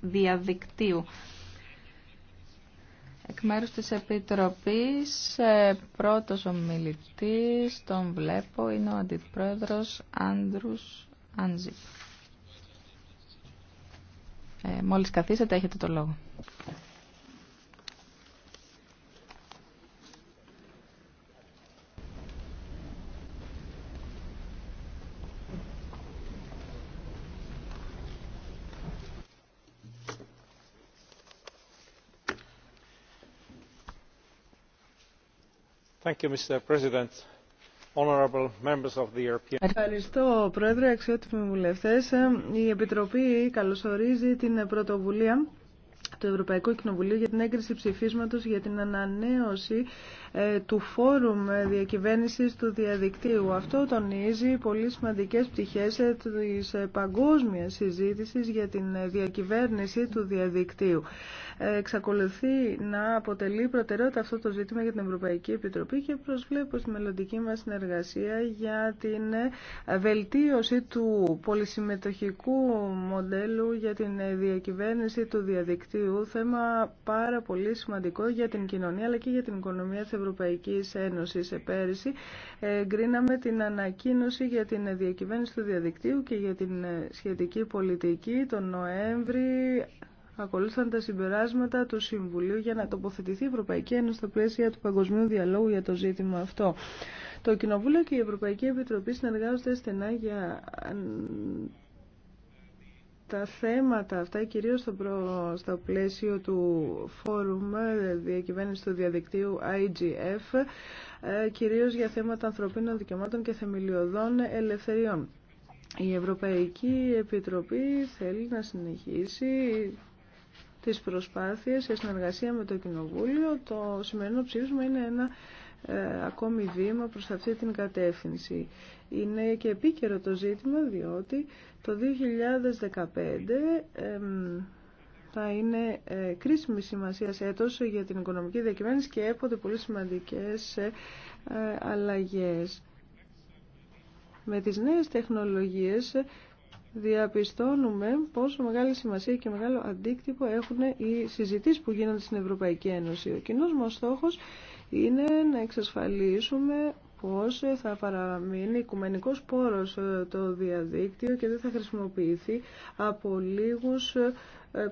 διαδικτύου. Εκ μέρους της Επιτροπής, ε, πρώτος ομιλητής, τον βλέπω, είναι ο Αντιπρόεδρος Άντρους Άντζιπ. Ε, μόλις καθίσετε έχετε το λόγο. Ευχαριστώ, Πρόεδρε, αξιότιμοι βουλευτέ. Ε, η Επιτροπή καλωσορίζει την πρωτοβουλία το Ευρωπαϊκό Κοινοβουλίο για την έγκριση ψηφίσματος για την ανανέωση ε, του Φόρουμ Διακυβέρνησης του Διαδικτύου. Αυτό τονίζει πολύ σημαντικές πτυχές ε, της ε, παγκόσμιας συζήτησης για την διακυβέρνηση του διαδικτύου. Εξακολουθεί να αποτελεί προτεραιότητα αυτό το ζήτημα για την Ευρωπαϊκή Επιτροπή και προσβλέπω στη μελλοντική μας συνεργασία για την βελτίωση του πολυσυμμετοχικού μοντέλου για την διακυβέρνηση του διαδικτύου θέμα πάρα πολύ σημαντικό για την κοινωνία αλλά και για την οικονομία της Ευρωπαϊκής Ένωσης. Ε, πέρυσι γκρίναμε την ανακοίνωση για την διακυβέρνηση του διαδικτύου και για την ε, σχετική πολιτική τον Νοέμβρη ακολούθησαν τα συμπεράσματα του Συμβουλίου για να τοποθετηθεί η Ευρωπαϊκή Ένωση στα πλαίσια του Παγκοσμίου Διαλόγου για το ζήτημα αυτό. Το Κοινοβούλιο και η Ευρωπαϊκή Επιτροπή συνεργάζονται στενά για τα θέματα αυτά, κυρίως στο, προ... στο πλαίσιο του φόρουμ ε, διακυβέρνηση του διαδικτύου IGF, ε, κυρίως για θέματα ανθρωπίνων δικαιωμάτων και θεμελιωδών ελευθεριών. Η Ευρωπαϊκή Επιτροπή θέλει να συνεχίσει τις προσπάθειες σε συνεργασία με το Κοινοβούλιο. Το σημερινό ψήφισμα είναι ένα ε, ακόμη βήμα προς αυτή την κατεύθυνση. Είναι και επίκαιρο το ζήτημα διότι το 2015 θα είναι ε, κρίσιμη σημασία σε έτος για την οικονομική διακυβέρνηση και έπονται πολύ σημαντικές ε, αλλαγές. Με τις νέες τεχνολογίες διαπιστώνουμε πόσο μεγάλη σημασία και μεγάλο αντίκτυπο έχουν οι συζητήσεις που γίνονται στην Ευρωπαϊκή Ένωση. Ο κοινός μας στόχος είναι να εξασφαλίσουμε πώς θα παραμείνει οικουμενικός πόρος ε, το διαδίκτυο και δεν θα χρησιμοποιηθεί από λίγους ε,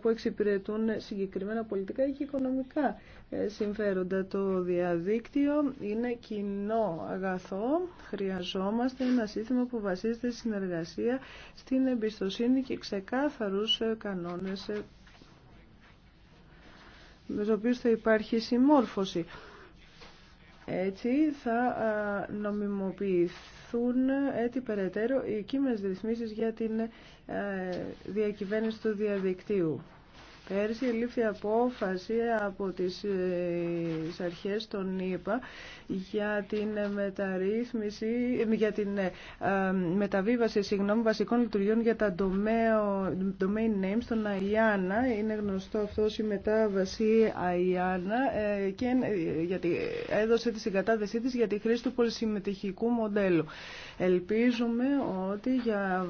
που εξυπηρετούν συγκεκριμένα πολιτικά και οικονομικά ε, συμφέροντα. Το διαδίκτυο είναι κοινό αγαθό. Χρειαζόμαστε ένα σύστημα που βασίζεται στη συνεργασία, στην εμπιστοσύνη και ξεκάθαρους κανόνες με τους οποίους θα υπάρχει συμμόρφωση. Έτσι θα νομιμοποιηθούν έτσι περαιτέρω οι κείμενες ρυθμίσεις για την ε, διακυβέρνηση του διαδικτύου. Πέρσι λήφθη απόφαση από ε, τις αρχές των ΗΠΑ για την μεταρρύθμιση, ε, για την ε, μεταβίβαση συγγνώμη, βασικών λειτουργιών για τα domain names των ΑΙΑΝΑ. Είναι γνωστό αυτό η μετάβαση ΑΙΑΝΑ και γιατί έδωσε τη συγκατάθεσή της για τη χρήση του πολυσυμμετοχικού μοντέλου. Ελπίζουμε ότι για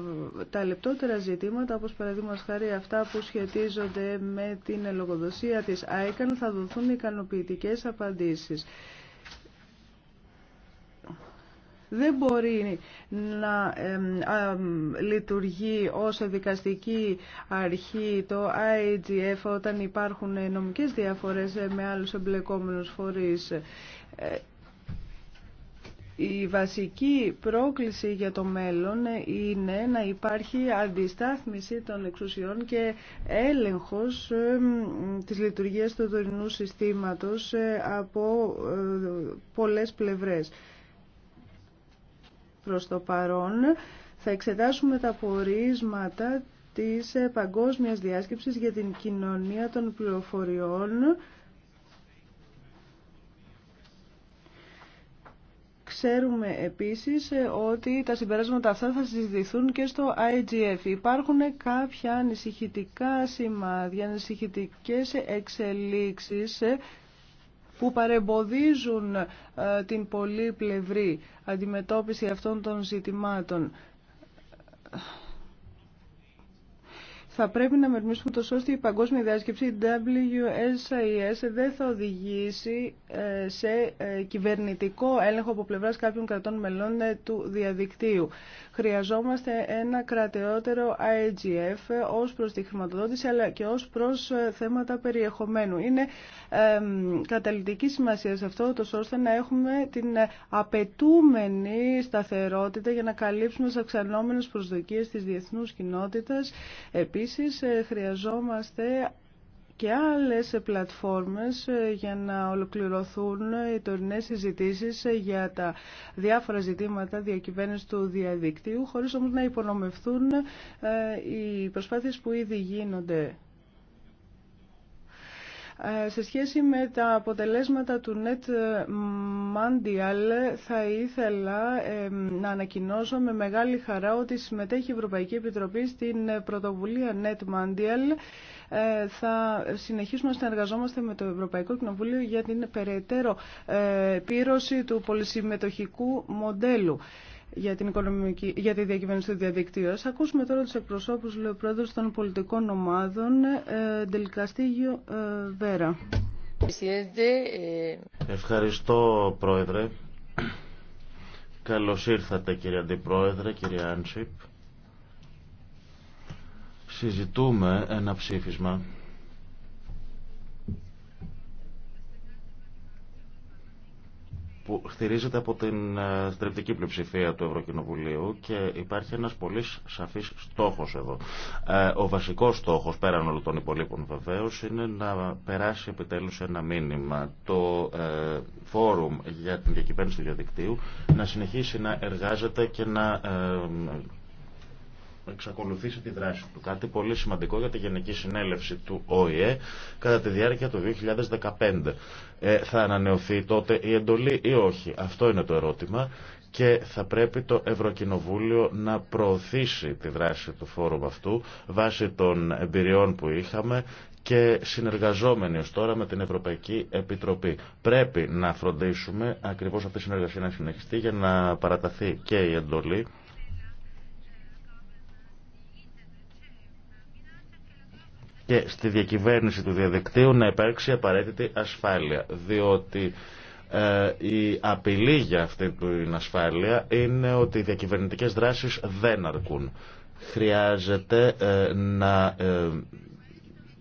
τα λεπτότερα ζητήματα, όπως παραδείγμα χάρη αυτά που σχετίζονται με την λογοδοσία της ICAN θα δοθούν ικανοποιητικές απαντήσεις. Δεν μπορεί να λειτουργεί ως δικαστική αρχή το IGF όταν υπάρχουν νομικές διαφορές με άλλους εμπλεκόμενους φορείς. Ε, η βασική πρόκληση για το μέλλον είναι να υπάρχει αντιστάθμιση των εξουσιών και έλεγχος της λειτουργίας του δωρηνού συστήματος ε, από ε, πολλές πλευρές. Προς το παρόν θα εξετάσουμε τα πορίσματα της ε, παγκόσμιας διάσκεψης για την κοινωνία των πληροφοριών Ξέρουμε επίσης ε, ότι τα συμπεράσματα αυτά θα συζητηθούν και στο IGF. Υπάρχουν κάποια ανησυχητικά σημάδια, ανησυχητικές εξελίξεις ε, που παρεμποδίζουν ε, την πολύπλευρη αντιμετώπιση αυτών των ζητημάτων θα πρέπει να μερμήσουμε το σώστη η παγκόσμια διάσκεψη WSIS δεν θα οδηγήσει ε, σε ε, κυβερνητικό έλεγχο από πλευράς κάποιων κρατών μελών ε, του διαδικτύου. Χρειαζόμαστε ένα κρατεότερο IGF ως προς τη χρηματοδότηση αλλά και ως προς θέματα περιεχομένου. Είναι καταλητική σημασία σε αυτό ώστε να έχουμε την απαιτούμενη σταθερότητα για να καλύψουμε τις αυξανόμενες προσδοκίες της διεθνούς κοινότητας. Επίσης ε, χρειαζόμαστε και άλλες πλατφόρμες ε, για να ολοκληρωθούν οι τωρινές συζητήσεις ε, για τα διάφορα ζητήματα διακυβέρνηση του διαδικτύου, χωρίς όμως να υπονομευθούν οι προσπάθειες που ήδη γίνονται ε, σε σχέση με τα αποτελέσματα του Net Mandial θα ήθελα να ανακοινώσω με μεγάλη χαρά ότι συμμετέχει η Ευρωπαϊκή Επιτροπή στην πρωτοβουλία Net Mandial. Ε, θα συνεχίσουμε να συνεργαζόμαστε με το Ευρωπαϊκό Κοινοβούλιο για την περαιτέρω ε, πύρωση του πολυσυμμετοχικού μοντέλου για, την οικονομική, για τη διακυβέρνηση του διαδικτύου. Ας ακούσουμε τώρα τους εκπροσώπους, λέει ο των πολιτικών ομάδων, ε, Ντελικαστήγιο Βέρα. Ε, Ευχαριστώ, Πρόεδρε. Καλώς ήρθατε, κύριε Αντιπρόεδρε, κύριε Άνσιπ. Συζητούμε ένα ψήφισμα που στηρίζεται από την ε, στρεπτική πλειοψηφία του Ευρωκοινοβουλίου και υπάρχει ένας πολύ σαφής στόχος εδώ. Ε, ο βασικός στόχος, πέραν όλων των υπολείπων βεβαίω, είναι να περάσει επιτέλους ένα μήνυμα. Το ε, φόρουμ για την διακυβέρνηση του διαδικτύου να συνεχίσει να εργάζεται και να εξακολουθήσει τη δράση του. Κάτι πολύ σημαντικό για τη Γενική Συνέλευση του ΟΗΕ κατά τη διάρκεια του 2015. Ε, θα ανανεωθεί τότε η εντολή ή όχι. Αυτό είναι το ερώτημα και θα πρέπει το Ευρωκοινοβούλιο να προωθήσει τη δράση του φόρουμ αυτού βάσει των εμπειριών που είχαμε και συνεργαζόμενοι ως τώρα με την Ευρωπαϊκή Επιτροπή. Πρέπει να φροντίσουμε ακριβώς αυτή η συνεργασία να συνεχιστεί για να παραταθεί και η εντολή και στη διακυβέρνηση του διαδικτύου να υπάρξει απαραίτητη ασφάλεια. Διότι ε, η απειλή για αυτή την ασφάλεια είναι ότι οι διακυβερνητικές δράσεις δεν αρκούν. Χρειάζεται ε, να ε,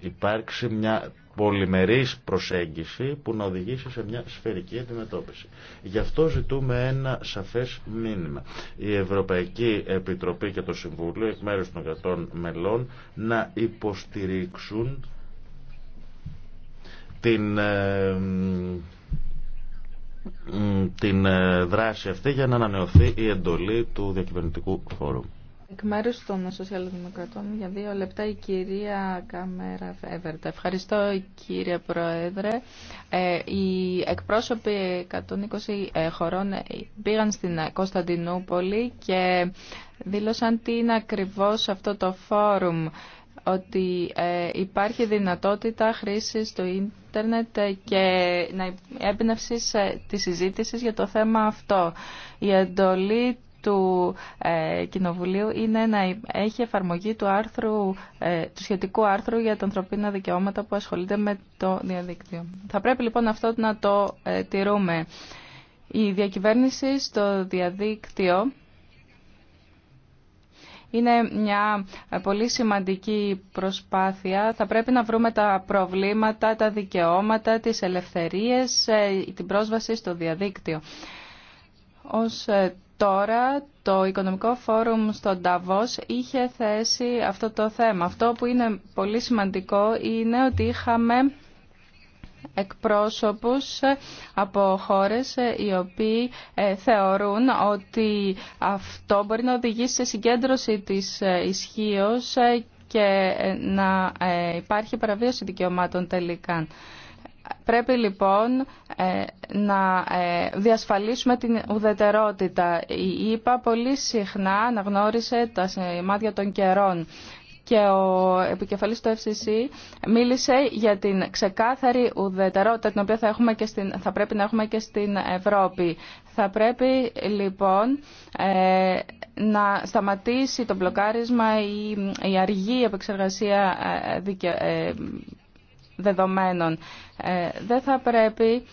υπάρξει μια πολυμερής προσέγγιση που να οδηγήσει σε μια σφαιρική αντιμετώπιση. Γι' αυτό ζητούμε ένα σαφές μήνυμα. Η Ευρωπαϊκή Επιτροπή και το Συμβούλιο εκ μέρους των κρατών μελών να υποστηρίξουν την ε, την ε, δράση αυτή για να ανανεωθεί η εντολή του διακυβερνητικού φόρου. Εκ μέρου των Σοσιαλδημοκρατών, για δύο λεπτά η κυρία Καμέρα Φεύερτα. Ευχαριστώ κύριε Πρόεδρε. Ε, οι εκπρόσωποι 120 ε, χωρών ε, πήγαν στην Κωνσταντινούπολη και δήλωσαν τι είναι ακριβώς αυτό το φόρουμ ότι υπάρχει δυνατότητα χρήσης του ίντερνετ και να έμπνευση της συζήτησης για το θέμα αυτό. Η εντολή του ε, Κοινοβουλίου είναι να έχει εφαρμογή του, άρθρου, ε, του σχετικού άρθρου για τα ανθρωπίνα δικαιώματα που ασχολείται με το διαδίκτυο. Θα πρέπει λοιπόν αυτό να το ε, τηρούμε. Η διακυβέρνηση στο διαδίκτυο είναι μια πολύ σημαντική προσπάθεια. Θα πρέπει να βρούμε τα προβλήματα, τα δικαιώματα, τις ελευθερίες, την πρόσβαση στο διαδίκτυο. Ως τώρα το Οικονομικό Φόρουμ στο Νταβός είχε θέσει αυτό το θέμα. Αυτό που είναι πολύ σημαντικό είναι ότι είχαμε εκπρόσωπους από χώρες οι οποίοι ε, θεωρούν ότι αυτό μπορεί να οδηγήσει σε συγκέντρωση της ε, ισχύω ε, και να υπάρχει παραβίαση δικαιωμάτων τελικά. Πρέπει λοιπόν ε, να ε, διασφαλίσουμε την ουδετερότητα. Η ΕΠΑ πολύ συχνά αναγνώρισε τα σημάδια των καιρών και ο επικεφαλής του FCC μίλησε για την ξεκάθαρη ουδετερότητα την οποία θα, έχουμε και στην, θα πρέπει να έχουμε και στην Ευρώπη. Θα πρέπει λοιπόν ε, να σταματήσει το μπλοκάρισμα ή η αργή επεξεργασία δεδομένων. Ε, δεν θα πρέπει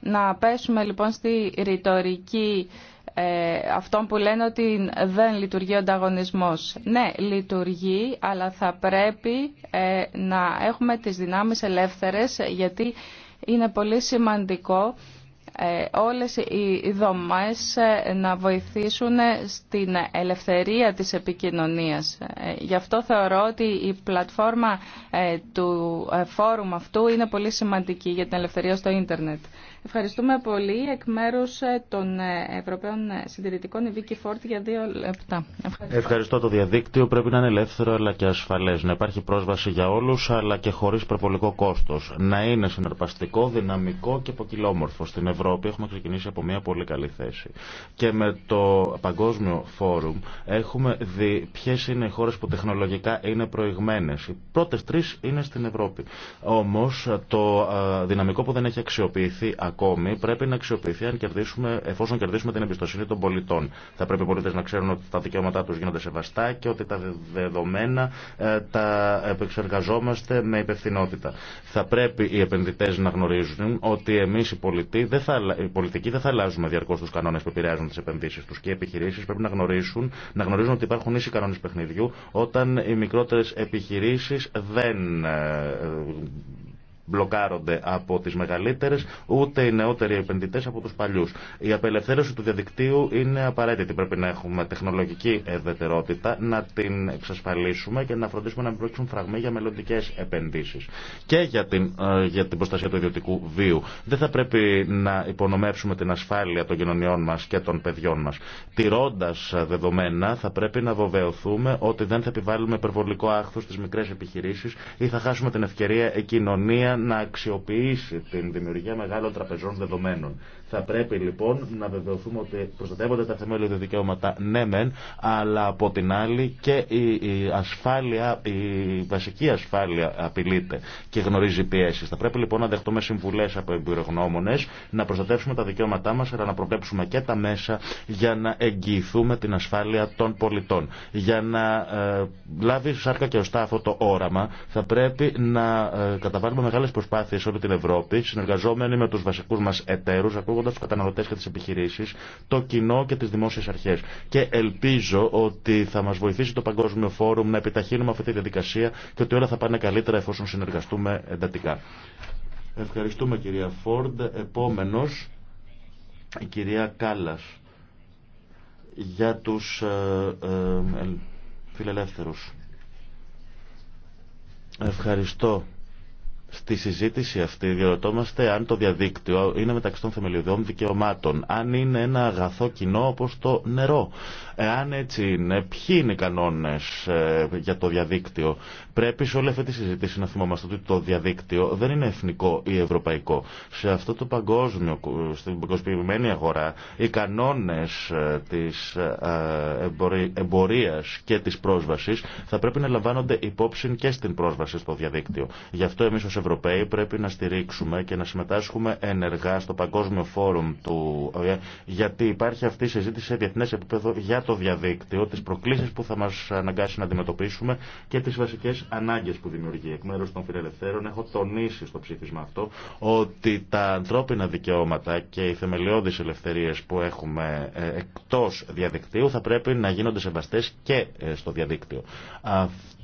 να πέσουμε λοιπόν στη ρητορική ε, αυτών που λένε ότι δεν λειτουργεί ο ανταγωνισμός. Ναι, λειτουργεί, αλλά θα πρέπει ε, να έχουμε τις δυνάμεις ελεύθερες γιατί είναι πολύ σημαντικό ε, όλες οι δομές ε, να βοηθήσουν στην ελευθερία της επικοινωνίας. Ε, γι' αυτό θεωρώ ότι η πλατφόρμα του φόρουμ αυτού είναι πολύ σημαντική για την ελευθερία στο ίντερνετ. Ευχαριστούμε πολύ εκ μέρου ε, των ε, Ευρωπαίων Συντηρητικών η Βίκη Φόρτ για δύο λεπτά. Ευχαριστώ. Το διαδίκτυο πρέπει να είναι ελεύθερο αλλά και ασφαλέ. Να υπάρχει πρόσβαση για όλου αλλά και χωρί προπολικό κόστο. Να είναι συναρπαστικό, δυναμικό και ποικιλόμορφο. Στην Ευρώπη έχουμε ξεκινήσει από μια πολύ καλή θέση. Και με το Παγκόσμιο Φόρουμ έχουμε δει ποιε είναι οι χώρε που τεχνολογικά είναι προηγμένε. Οι πρώτε τρει είναι στην Ευρώπη. Όμω το ε, δυναμικό που δεν έχει αξιοποιηθεί ακόμη πρέπει να αξιοποιηθεί αν εφόσον κερδίσουμε την εμπιστοσύνη των πολιτών. Θα πρέπει οι πολίτε να ξέρουν ότι τα δικαιώματά του γίνονται σεβαστά και ότι τα δεδομένα ε, τα επεξεργαζόμαστε με υπευθυνότητα. Θα πρέπει οι επενδυτέ να γνωρίζουν ότι εμεί οι, οι πολιτικοί δεν θα αλλάζουμε διαρκώ του κανόνε που επηρεάζουν τι επενδύσει του και οι επιχειρήσει πρέπει να γνωρίζουν να γνωρίζουν ότι υπάρχουν ίσοι κανόνε παιχνιδιού όταν οι μικρότερε επιχειρήσει δεν ε, μπλοκάρονται από τι μεγαλύτερε ούτε οι νεότεροι επενδυτέ από του παλιού. Η απελευθέρωση του διαδικτύου είναι απαραίτητη. Πρέπει να έχουμε τεχνολογική ευδετερότητα, να την εξασφαλίσουμε και να φροντίσουμε να μην πρόκειται φραγμοί για μελλοντικέ επενδύσει Και για την, ε, για την προστασία του ιδιωτικού βίου. Δεν θα πρέπει να υπονομεύσουμε την ασφάλεια των κοινωνιών μα και των παιδιών μα, Τηρώντας δεδομένα θα πρέπει να βεβαιωθούμε ότι δεν θα επιβάλλουμε υπερβολικό άχθο στι μικρέ επιχειρήσει η κοινωνία να αξιοποιήσει την δημιουργία μεγάλων τραπεζών δεδομένων θα πρέπει λοιπόν να βεβαιωθούμε ότι προστατεύονται τα θεμέλια δικαιώματα, ναι μεν, αλλά από την άλλη και η, ασφάλεια, η βασική ασφάλεια απειλείται και γνωρίζει πιέσει. Θα πρέπει λοιπόν να δεχτούμε συμβουλέ από εμπειρογνώμονε, να προστατεύσουμε τα δικαιώματά μα, αλλά να προβλέψουμε και τα μέσα για να εγγυηθούμε την ασφάλεια των πολιτών. Για να ε, λάβει σάρκα και ωστά αυτό το όραμα, θα πρέπει να ε, καταβάλουμε μεγάλε προσπάθειε όλη την Ευρώπη, συνεργαζόμενοι με του βασικού μα εταίρου, προστατεύοντα του καταναλωτέ και τι επιχειρήσει, το κοινό και τι δημόσιε αρχέ. Και ελπίζω ότι θα μα βοηθήσει το Παγκόσμιο Φόρουμ να επιταχύνουμε αυτή τη διαδικασία και ότι όλα θα πάνε καλύτερα εφόσον συνεργαστούμε εντατικά. Ευχαριστούμε κυρία Φόρντ. Επόμενος, η κυρία Κάλλας για τους ε, ε, ε φιλελεύθερους. Ευχαριστώ Στη συζήτηση αυτή διερωτόμαστε αν το διαδίκτυο είναι μεταξύ των θεμελιωδών δικαιωμάτων, αν είναι ένα αγαθό κοινό όπως το νερό. Εάν έτσι είναι, ποιοι είναι οι κανόνες ε, για το διαδίκτυο. Πρέπει σε όλη αυτή τη συζήτηση να θυμόμαστε ότι το διαδίκτυο δεν είναι εθνικό ή ευρωπαϊκό. Σε αυτό το παγκόσμιο, στην παγκοσμιοποιημένη αγορά, οι κανόνες ε, της ε, εμπορίας και της πρόσβασης θα πρέπει να λαμβάνονται υπόψη και στην πρόσβαση στο διαδίκτυο. Γι' αυτό εμείς Ευρωπαίοι πρέπει να στηρίξουμε και να συμμετάσχουμε ενεργά στο Παγκόσμιο Φόρουμ του γιατί υπάρχει αυτή η συζήτηση σε διεθνέ επίπεδο για το διαδίκτυο, τι προκλήσει που θα μα αναγκάσει να αντιμετωπίσουμε και τι βασικέ ανάγκε που δημιουργεί. Εκ μέρου των φιλελευθέρων έχω τονίσει στο ψήφισμα αυτό ότι τα ανθρώπινα δικαιώματα και οι θεμελιώδει ελευθερίε που έχουμε ε, εκτό διαδικτύου θα πρέπει να γίνονται σεβαστέ και ε, στο διαδίκτυο.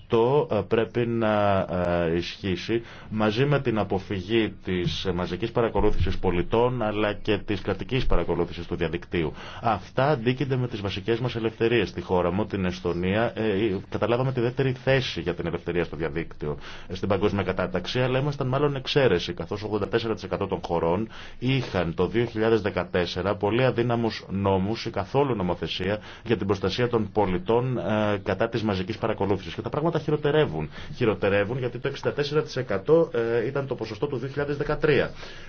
Αυτό ε, πρέπει να ε, ισχύσει μαζί με την αποφυγή της μαζικής παρακολούθησης πολιτών αλλά και της κρατικής παρακολούθησης του διαδικτύου. Αυτά αντίκεινται με τις βασικές μας ελευθερίες στη χώρα μου, την Εστονία. Ε, καταλάβαμε τη δεύτερη θέση για την ελευθερία στο διαδίκτυο στην παγκόσμια κατάταξη, αλλά ήμασταν μάλλον εξαίρεση, καθώς 84% των χωρών είχαν το 2014 πολύ αδύναμους νόμους ή καθόλου νομοθεσία για την προστασία των πολιτών κατά της μαζικής παρακολούθησης. Και τα πράγματα χειροτερεύουν. Χειροτερεύουν γιατί το 64% ε, ήταν το ποσοστό του 2013.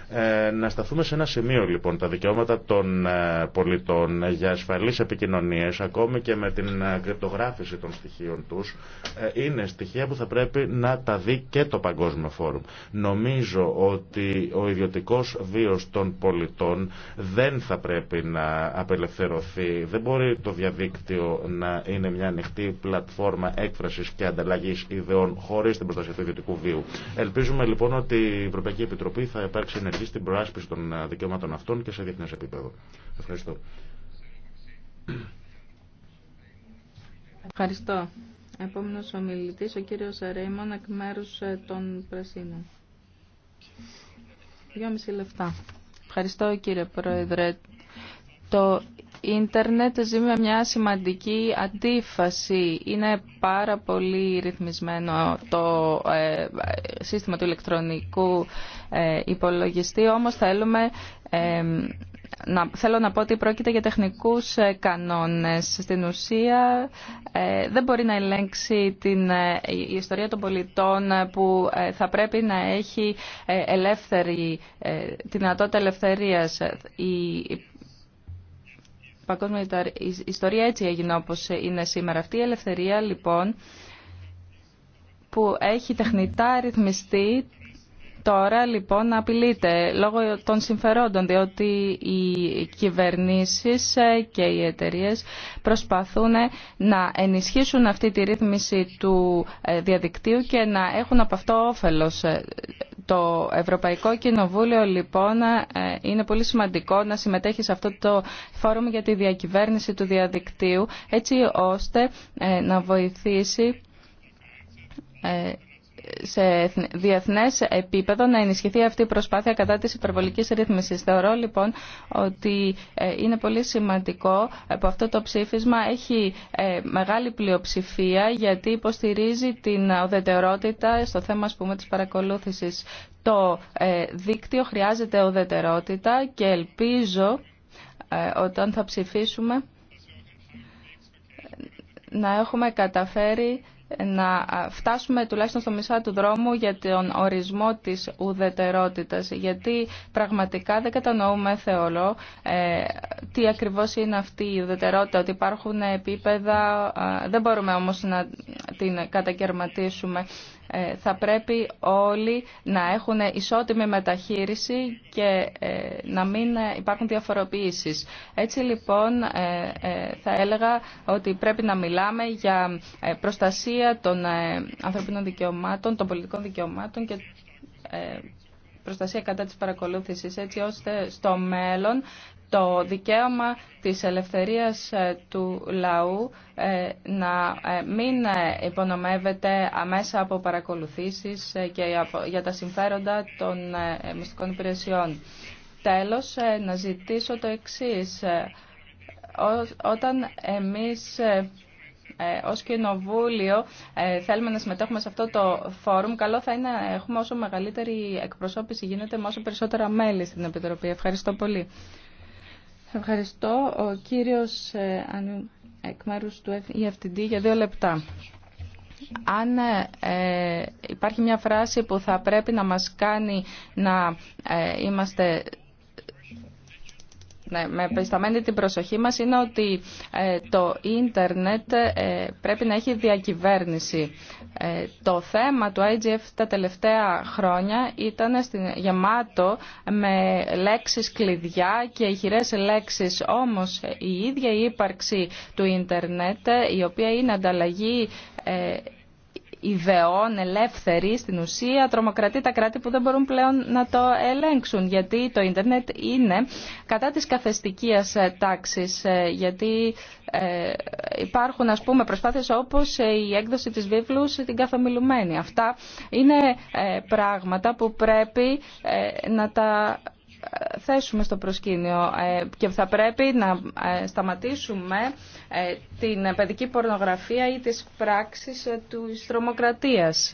Ε, να σταθούμε σε ένα σημείο λοιπόν. Τα δικαιώματα των ε, πολιτών για ασφαλείς επικοινωνίες, ακόμη και με την κρυπτογράφηση των στοιχείων τους, είναι στοιχεία που θα πρέπει να τα δει και το Παγκόσμιο Φόρουμ. Νομίζω ότι ο ιδιωτικός βίος των πολιτών δεν θα πρέπει να απελευθερωθεί. Δεν μπορεί το διαδίκτυο να είναι μια ανοιχτή πλατφόρμα έκφρασης και ανταλλαγή ιδεών χωρί την προστασία του ιδιωτικού βίου. Ελπίζουμε λοιπόν ότι η Ευρωπαϊκή Επιτροπή θα υπάρξει ενεργή στην προάσπιση των δικαιωμάτων αυτών και σε διεθνέ επίπεδο. Ευχαριστώ. Ευχαριστώ. Επόμενο ομιλητή, ο κύριο Ρέιμον, εκ μέρου ε, των Πρασίνων. Δυόμιση λεφτά. Ευχαριστώ κύριε Πρόεδρε. Το ίντερνετ με μια σημαντική αντίφαση. Είναι πάρα πολύ ρυθμισμένο το ε, σύστημα του ηλεκτρονικού ε, υπολογιστή, όμως θέλουμε ε, να, θέλω να πω ότι πρόκειται για τεχνικούς κανόνες. Στην ουσία δεν μπορεί να ελέγξει την, η ιστορία των πολιτών που θα πρέπει να έχει ελεύθερη, τη δυνατότητα ελευθερίας παγκόσμια ιστορία έτσι έγινε όπως είναι σήμερα. Αυτή η ελευθερία λοιπόν που έχει τεχνητά ρυθμιστεί τώρα λοιπόν να απειλείται λόγω των συμφερόντων διότι οι κυβερνήσεις ε, και οι εταιρείες προσπαθούν ε, να ενισχύσουν αυτή τη ρύθμιση του ε, διαδικτύου και να έχουν από αυτό όφελος. Το Ευρωπαϊκό Κοινοβούλιο λοιπόν είναι πολύ σημαντικό να συμμετέχει σε αυτό το φόρουμ για τη διακυβέρνηση του διαδικτύου έτσι ώστε να βοηθήσει σε διεθνέ επίπεδο να ενισχυθεί αυτή η προσπάθεια κατά τη υπερβολική ρυθμίση. Θεωρώ λοιπόν ότι ε, είναι πολύ σημαντικό που αυτό το ψήφισμα έχει ε, μεγάλη πλειοψηφία γιατί υποστηρίζει την οδετερότητα στο θέμα ας πούμε, της παρακολούθησης. Το ε, δίκτυο χρειάζεται οδετερότητα και ελπίζω όταν θα ψηφίσουμε να έχουμε καταφέρει να φτάσουμε τουλάχιστον στο μισά του δρόμου για τον ορισμό της ουδετερότητας γιατί πραγματικά δεν κατανοούμε θεωρώ ε, τι ακριβώς είναι αυτή η ουδετερότητα ότι υπάρχουν επίπεδα ε, δεν μπορούμε όμως να την κατακαιρματίσουμε ε, θα πρέπει όλοι να έχουν ισότιμη μεταχείριση και ε, να μην υπάρχουν διαφοροποιήσεις. Έτσι λοιπόν ε, θα έλεγα ότι πρέπει να μιλάμε για προστασία των ανθρωπίνων δικαιωμάτων, των πολιτικών δικαιωμάτων και προστασία κατά της παρακολούθησης έτσι ώστε στο μέλλον το δικαίωμα της ελευθερίας ε, του λαού ε, να ε, μην υπονομεύεται αμέσα από παρακολουθήσεις και για τα συμφέροντα των μυστικών υπηρεσιών. Τέλος, να ζητήσω το εξής. Όταν εμείς ως κοινοβούλιο θέλουμε να συμμετέχουμε σε αυτό το φόρουμ, καλό θα είναι να έχουμε όσο μεγαλύτερη εκπροσώπηση γίνεται με όσο περισσότερα μέλη στην Επιτροπή. Ευχαριστώ πολύ. Ευχαριστώ. Ο κύριος ε, εκ μέρους του EFTD για δύο λεπτά. Αν ε, ε, υπάρχει μια φράση που θα πρέπει να μας κάνει να ε, είμαστε ναι, με επισταμένη την προσοχή μας είναι ότι ε, το ίντερνετ ε, πρέπει να έχει διακυβέρνηση. Ε, το θέμα του IGF τα τελευταία χρόνια ήταν γεμάτο με λέξεις κλειδιά και ηχηρές λέξεις. Όμως η ίδια η ύπαρξη του ίντερνετ, η οποία είναι ανταλλαγή ιδεών ελεύθερη στην ουσία τρομοκρατεί τα κράτη που δεν μπορούν πλέον να το ελέγξουν γιατί το ίντερνετ είναι κατά της καθεστικίας ε, τάξης ε, γιατί ε, υπάρχουν ας πούμε προσπάθειες όπως η έκδοση της βίβλου την καθομιλουμένη. Αυτά είναι πράγματα που πρέπει να τα θέσουμε στο προσκήνιο ε, και θα πρέπει να ε, σταματήσουμε ε, την παιδική πορνογραφία ή τις πράξεις του τρομοκρατίας.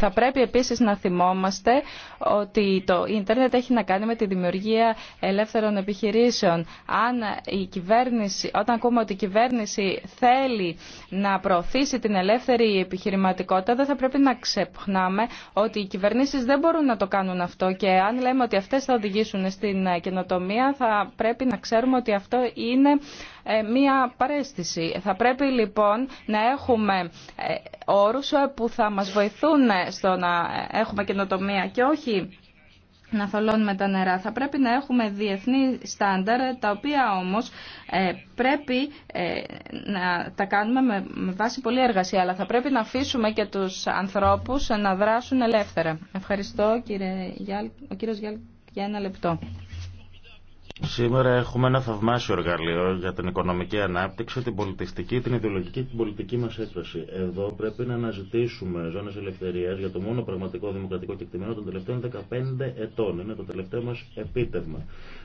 Θα πρέπει επίσης να θυμόμαστε ότι το ίντερνετ έχει να κάνει με τη δημιουργία ελεύθερων επιχειρήσεων. Αν η κυβέρνηση, όταν ακούμε ότι η κυβέρνηση θέλει να προωθήσει την ελεύθερη επιχειρηματικότητα, δεν θα πρέπει να ξεχνάμε ότι οι κυβερνήσεις δεν μπορούν να το κάνουν αυτό και αν λέμε ότι αυτές θα οδηγήσουν στην καινοτομία θα πρέπει να ξέρουμε ότι αυτό είναι ε, μία παρέστηση. Θα πρέπει λοιπόν να έχουμε ε, όρους ε, που θα μας βοηθούν στο να έχουμε καινοτομία και όχι να θολώνουμε τα νερά. Θα πρέπει να έχουμε διεθνή στάνταρ, τα οποία όμως πρέπει να τα κάνουμε με βάση πολλή εργασία, αλλά θα πρέπει να αφήσουμε και τους ανθρώπους να δράσουν ελεύθερα. Ευχαριστώ κύριε Γιάλ, ο κύριος Γιάλ για ένα λεπτό. Σήμερα έχουμε ένα θαυμάσιο εργαλείο για την οικονομική ανάπτυξη, την πολιτιστική, την ιδεολογική και την πολιτική μα έκφραση. Εδώ πρέπει να αναζητήσουμε ζώνε ελευθερία για το μόνο πραγματικό δημοκρατικό κεκτημένο των τελευταίων 15 ετών. Είναι το τελευταίο μα επίτευγμα.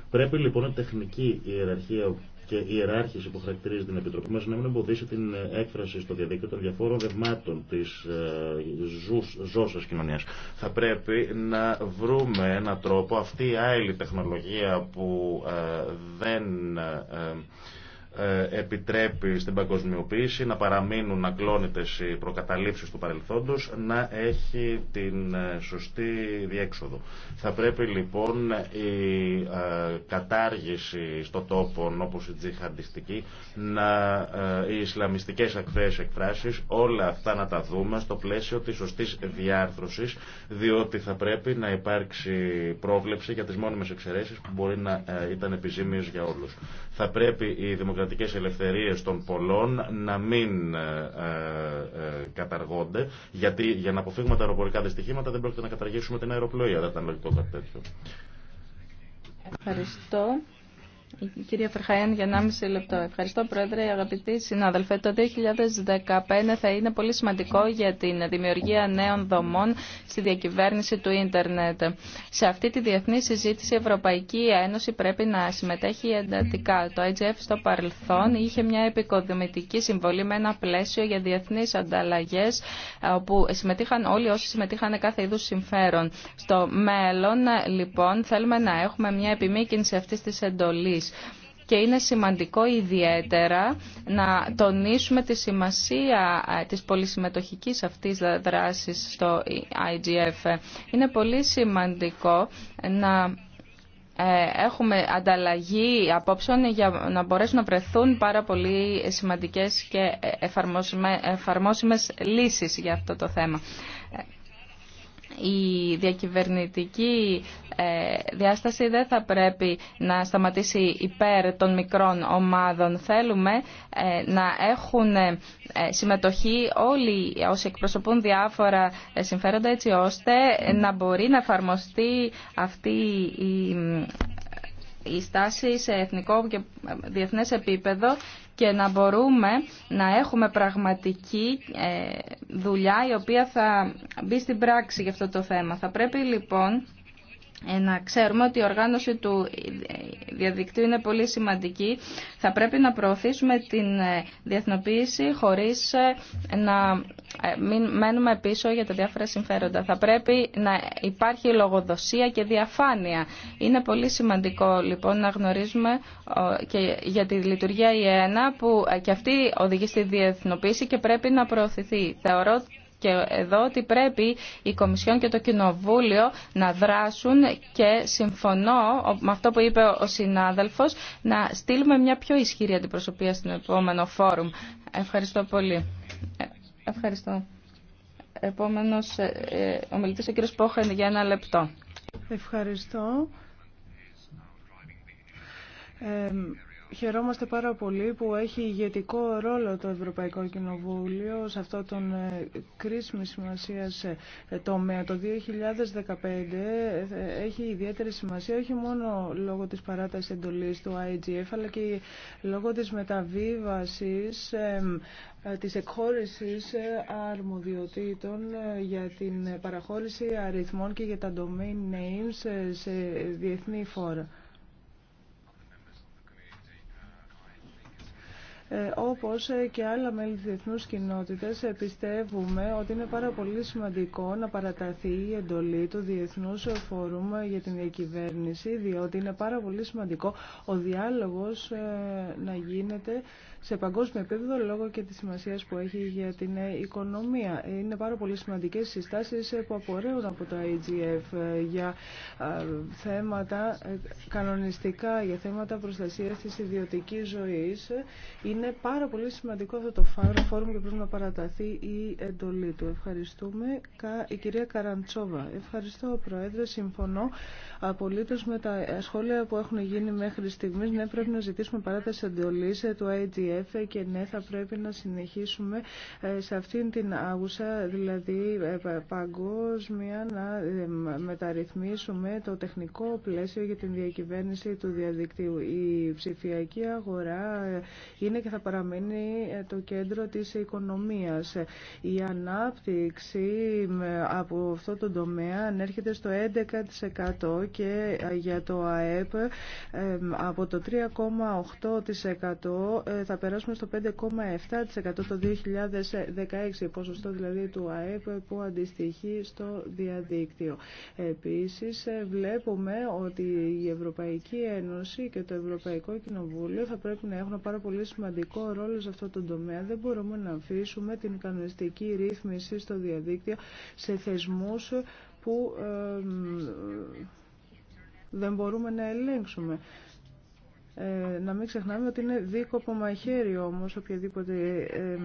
Πρέπει λοιπόν η τεχνική ιεραρχία και η ιεράρχηση που χαρακτηρίζει την Επιτροπή μας να μην εμποδίσει την έκφραση στο διαδίκτυο των διαφόρων δευμάτων της ε, ζώσας κοινωνίας. Θα πρέπει να βρούμε έναν τρόπο αυτή η άειλη τεχνολογία που ε, δεν ε, ε, επιτρέπει στην παγκοσμιοποίηση να παραμείνουν ακλόνητες οι προκαταλήψεις του παρελθόντος να έχει την ε, σωστή διέξοδο. Θα πρέπει λοιπόν η ε, κατάργηση στο τόπο όπως η τζιχαντιστική να, οι ισλαμιστικές ακραίες εκφράσεις όλα αυτά να τα δούμε στο πλαίσιο της σωστής διάρθρωσης διότι θα πρέπει να υπάρξει πρόβλεψη για τις μόνιμες εξαιρέσεις που μπορεί να ήταν επιζήμιες για όλους. Θα πρέπει η δημοκρατία δημοκρατικές ελευθερίες των πολλών να μην ε, ε, ε, καταργώνται, γιατί για να αποφύγουμε τα αεροπορικά δυστυχήματα δεν πρόκειται να καταργήσουμε την αεροπλοεία, δεν ήταν λογικό κάτι τέτοιο. Ευχαριστώ κυρία Φερχαέν για 1,5 λεπτό. Ευχαριστώ Πρόεδρε, αγαπητοί συνάδελφοι. Το 2015 θα είναι πολύ σημαντικό για την δημιουργία νέων δομών στη διακυβέρνηση του ίντερνετ. Σε αυτή τη διεθνή συζήτηση η Ευρωπαϊκή Ένωση πρέπει να συμμετέχει εντατικά. Το IGF στο παρελθόν είχε μια επικοδομητική συμβολή με ένα πλαίσιο για διεθνεί ανταλλαγέ όπου συμμετείχαν όλοι όσοι συμμετείχαν κάθε είδου συμφέρον. Στο μέλλον λοιπόν θέλουμε να έχουμε μια επιμήκυνση αυτή τη εντολή. Και είναι σημαντικό ιδιαίτερα να τονίσουμε τη σημασία ε, της πολυσυμμετοχικής αυτής δράσης στο IGF. Είναι πολύ σημαντικό να ε, έχουμε ανταλλαγή απόψεων για να μπορέσουν να βρεθούν πάρα πολύ σημαντικές και εφαρμόσιμες λύσεις για αυτό το θέμα η διακυβερνητική ε, διάσταση δεν θα πρέπει να σταματήσει υπέρ των μικρών ομάδων. Θέλουμε ε, να έχουν ε, συμμετοχή όλοι όσοι εκπροσωπούν διάφορα συμφέροντα έτσι ώστε να μπορεί να εφαρμοστεί αυτή η η στάση σε εθνικό και διεθνές επίπεδο και να μπορούμε να έχουμε πραγματική ε, δουλειά η οποία θα μπει στην πράξη για αυτό το θέμα. Θα πρέπει λοιπόν ε, να ξέρουμε ότι η οργάνωση του διαδικτύου είναι πολύ σημαντική. Θα πρέπει να προωθήσουμε την ε, διεθνοποίηση χωρίς ε, να μην μένουμε πίσω για τα διάφορα συμφέροντα. Θα πρέπει να υπάρχει λογοδοσία και διαφάνεια. Είναι πολύ σημαντικό λοιπόν να γνωρίζουμε και για τη λειτουργία η ΕΕ που και αυτή οδηγεί στη διεθνοποίηση και πρέπει να προωθηθεί. Θεωρώ και εδώ ότι πρέπει η Κομισιόν και το Κοινοβούλιο να δράσουν και συμφωνώ με αυτό που είπε ο συνάδελφος να στείλουμε μια πιο ισχυρή αντιπροσωπεία στην επόμενο φόρουμ. Ευχαριστώ πολύ. Ε, ευχαριστώ. Επόμενος ε, ε, ο μιλητής ο κύριος Πόχεν για ένα λεπτό. Ευχαριστώ. Χαιρόμαστε πάρα πολύ που έχει ηγετικό ρόλο το Ευρωπαϊκό Κοινοβούλιο σε αυτό τον ε, κρίσιμη σημασία ε, τομέα. Το 2015 ε, έχει ιδιαίτερη σημασία όχι μόνο λόγω της παράτασης εντολής του IGF αλλά και λόγω της μεταβίβασης της εκχώρησης αρμοδιοτήτων για την παραχώρηση αριθμών και για τα domain names σε διεθνή φόρα. Ε, όπως και άλλα μέλη της διεθνούς κοινότητας ε, πιστεύουμε ότι είναι πάρα πολύ σημαντικό να παραταθεί η εντολή του Διεθνούς Φόρουμ για την Διακυβέρνηση διότι είναι πάρα πολύ σημαντικό ο διάλογος ε, να γίνεται σε παγκόσμιο επίπεδο λόγω και τη σημασία που έχει για την οικονομία. Είναι πάρα πολύ σημαντικές συστάσει που απορρέουν από το IGF για θέματα ε, κανονιστικά, για θέματα προστασία τη ιδιωτική ζωή. Είναι πάρα πολύ σημαντικό αυτό το φόρουμ και πρέπει να παραταθεί η εντολή του. Ευχαριστούμε. Η κυρία Καραντσόβα. Ευχαριστώ, Πρόεδρε. Συμφωνώ απολύτω με τα σχόλια που έχουν γίνει μέχρι στιγμή, Ναι, πρέπει να ζητήσουμε παράταση εντολή του IGF και ναι θα πρέπει να συνεχίσουμε ε, σε αυτήν την άγουσα, δηλαδή ε, παγκόσμια να ε, μεταρρυθμίσουμε το τεχνικό πλαίσιο για την διακυβέρνηση του διαδικτύου. Η ψηφιακή αγορά είναι και θα παραμείνει το κέντρο της οικονομίας. Η ανάπτυξη από αυτό το τομέα ανέρχεται στο 11% και για το ΑΕΠ από το 3,8% θα περάσουμε στο 5,7% το 2016, ποσοστό δηλαδή του ΑΕΠ που αντιστοιχεί στο διαδίκτυο. Επίσης βλέπουμε ότι η Ευρωπαϊκή Ένωση και το Ευρωπαϊκό Κοινοβούλιο θα πρέπει να έχουν πάρα πολύ σημαντικό ρόλο σε αυτό το τομέα. Δεν μπορούμε να αφήσουμε την κανονιστική ρύθμιση στο διαδίκτυο σε θεσμούς που δεν μπορούμε να ελέγξουμε. Ε, να μην ξεχνάμε ότι είναι δίκοπο μαχαίρι όμως οποιαδήποτε ε,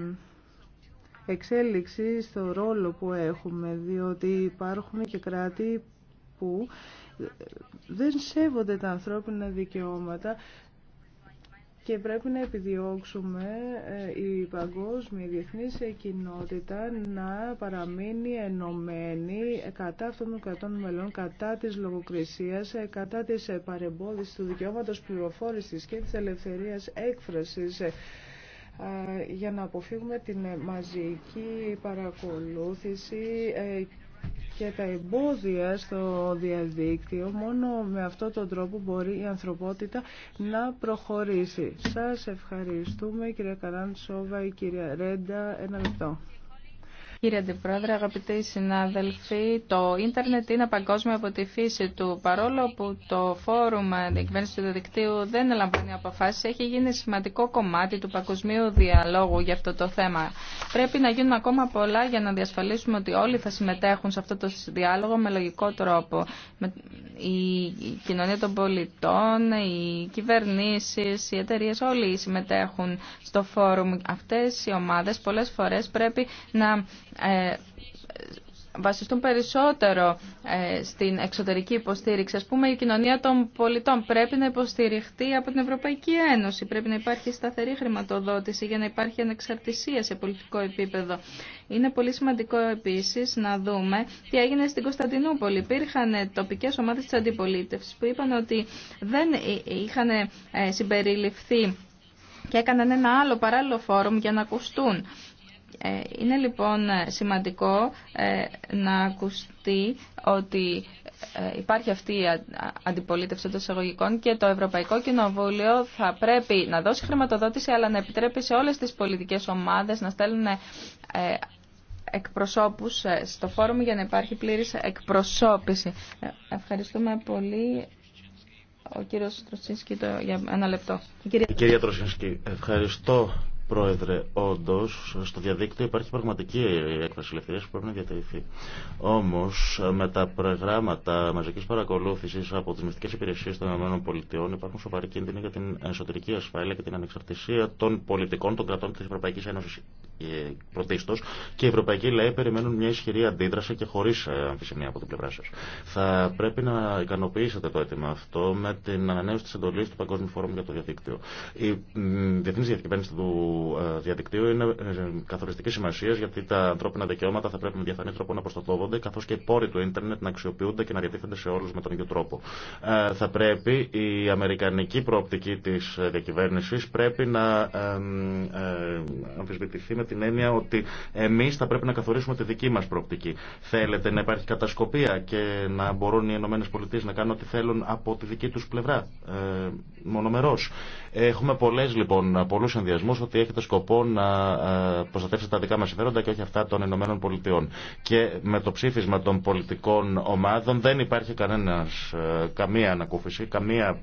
εξέλιξη στο ρόλο που έχουμε, διότι υπάρχουν και κράτη που ε, δεν σέβονται τα ανθρώπινα δικαιώματα και πρέπει να επιδιώξουμε ε, η παγκόσμια διεθνή κοινότητα να παραμείνει ενωμένη κατά αυτών των κρατών μελών, κατά της λογοκρισίας, ε, κατά της παρεμπόδισης του δικαιώματος πληροφόρησης και της ελευθερίας έκφρασης ε, για να αποφύγουμε την μαζική παρακολούθηση και τα εμπόδια στο διαδίκτυο. Μόνο με αυτόν τον τρόπο μπορεί η ανθρωπότητα να προχωρήσει. Σας ευχαριστούμε κυρία Καράντσοβα, η κυρία Ρέντα. Ένα λεπτό. Κύριε Αντιπρόεδρε, αγαπητοί συνάδελφοι, το ίντερνετ είναι παγκόσμιο από τη φύση του. Παρόλο που το φόρουμ διακυβέρνηση του δικτύου δεν λαμβάνει αποφάσεις, έχει γίνει σημαντικό κομμάτι του παγκοσμίου διαλόγου για αυτό το θέμα. Πρέπει να γίνουν ακόμα πολλά για να διασφαλίσουμε ότι όλοι θα συμμετέχουν σε αυτό το διάλογο με λογικό τρόπο. Η κοινωνία των πολιτών, οι κυβερνήσει, οι εταιρείε, όλοι συμμετέχουν στο φόρουμ. Αυτέ οι ομάδε πολλέ φορέ πρέπει να ε, βασιστούν περισσότερο ε, στην εξωτερική υποστήριξη. Ας πούμε, η κοινωνία των πολιτών πρέπει να υποστηριχτεί από την Ευρωπαϊκή Ένωση. Πρέπει να υπάρχει σταθερή χρηματοδότηση για να υπάρχει ανεξαρτησία σε πολιτικό επίπεδο. Είναι πολύ σημαντικό επίσης να δούμε τι έγινε στην Κωνσταντινούπολη. Υπήρχαν τοπικές ομάδες της αντιπολίτευσης που είπαν ότι δεν είχαν ε, συμπεριληφθεί και έκαναν ένα άλλο παράλληλο φόρουμ για να ακουστούν. Ε, είναι λοιπόν ε, σημαντικό ε, να ακουστεί ότι υπάρχει αυτή η αντιπολίτευση των εισαγωγικών και το Ευρωπαϊκό Κοινοβούλιο θα πρέπει να δώσει χρηματοδότηση αλλά να επιτρέπει σε όλες τις πολιτικές ομάδες να στέλνουν εκπροσώπους στο φόρουμ για να υπάρχει πλήρης εκπροσώπηση. Ευχαριστούμε πολύ. Ο κύριος Τροσίνσκι για ένα λεπτό. κυρία, κυρία Τροσίνσκι, ευχαριστώ Πρόεδρε, όντω στο διαδίκτυο υπάρχει πραγματική έκφραση ελευθερία που πρέπει να διατηρηθεί. Όμω με τα προγράμματα μαζική παρακολούθηση από τι μυστικέ υπηρεσίε των ΗΠΑ υπάρχουν σοβαροί κίνδυνοι για την εσωτερική ασφάλεια και την ανεξαρτησία των πολιτικών των κρατών τη Ευρωπαϊκή Ένωση ε, πρωτίστω και οι ευρωπαϊκοί λαοί περιμένουν μια ισχυρή αντίδραση και χωρί ε, αμφισημία από την πλευρά σα. Θα πρέπει να ικανοποιήσετε το αίτημα αυτό με την ανανέωση τη εντολή του Παγκόσμιου Φόρουμ για το Διαδίκτυο. Η διεθνή διακυβέρνηση του ε, διαδικτύου είναι ε, καθοριστική σημασία γιατί τα ανθρώπινα δικαιώματα θα πρέπει με διαφανή τρόπο να προστατεύονται καθώ και οι πόροι του ίντερνετ να αξιοποιούνται και να διατίθενται σε όλου με τον ίδιο τρόπο. Ε, θα πρέπει η αμερικανική προοπτική τη διακυβέρνηση πρέπει να αμφισβητηθεί με την έννοια ότι εμεί θα πρέπει να καθορίσουμε τη δική μα προοπτική. Θέλετε να υπάρχει κατασκοπία και να μπορούν οι ΗΠΑ να κάνουν ό,τι θέλουν από τη δική του πλευρά. Μονομερό. Έχουμε πολλέ λοιπόν, πολλού ενδιασμού ότι έχετε σκοπό να ε, προστατεύσετε τα δικά μα συμφέροντα και όχι αυτά των Ηνωμένων Πολιτειών. Και με το ψήφισμα των πολιτικών ομάδων δεν υπάρχει κανένας, ε, καμία ανακούφιση, καμία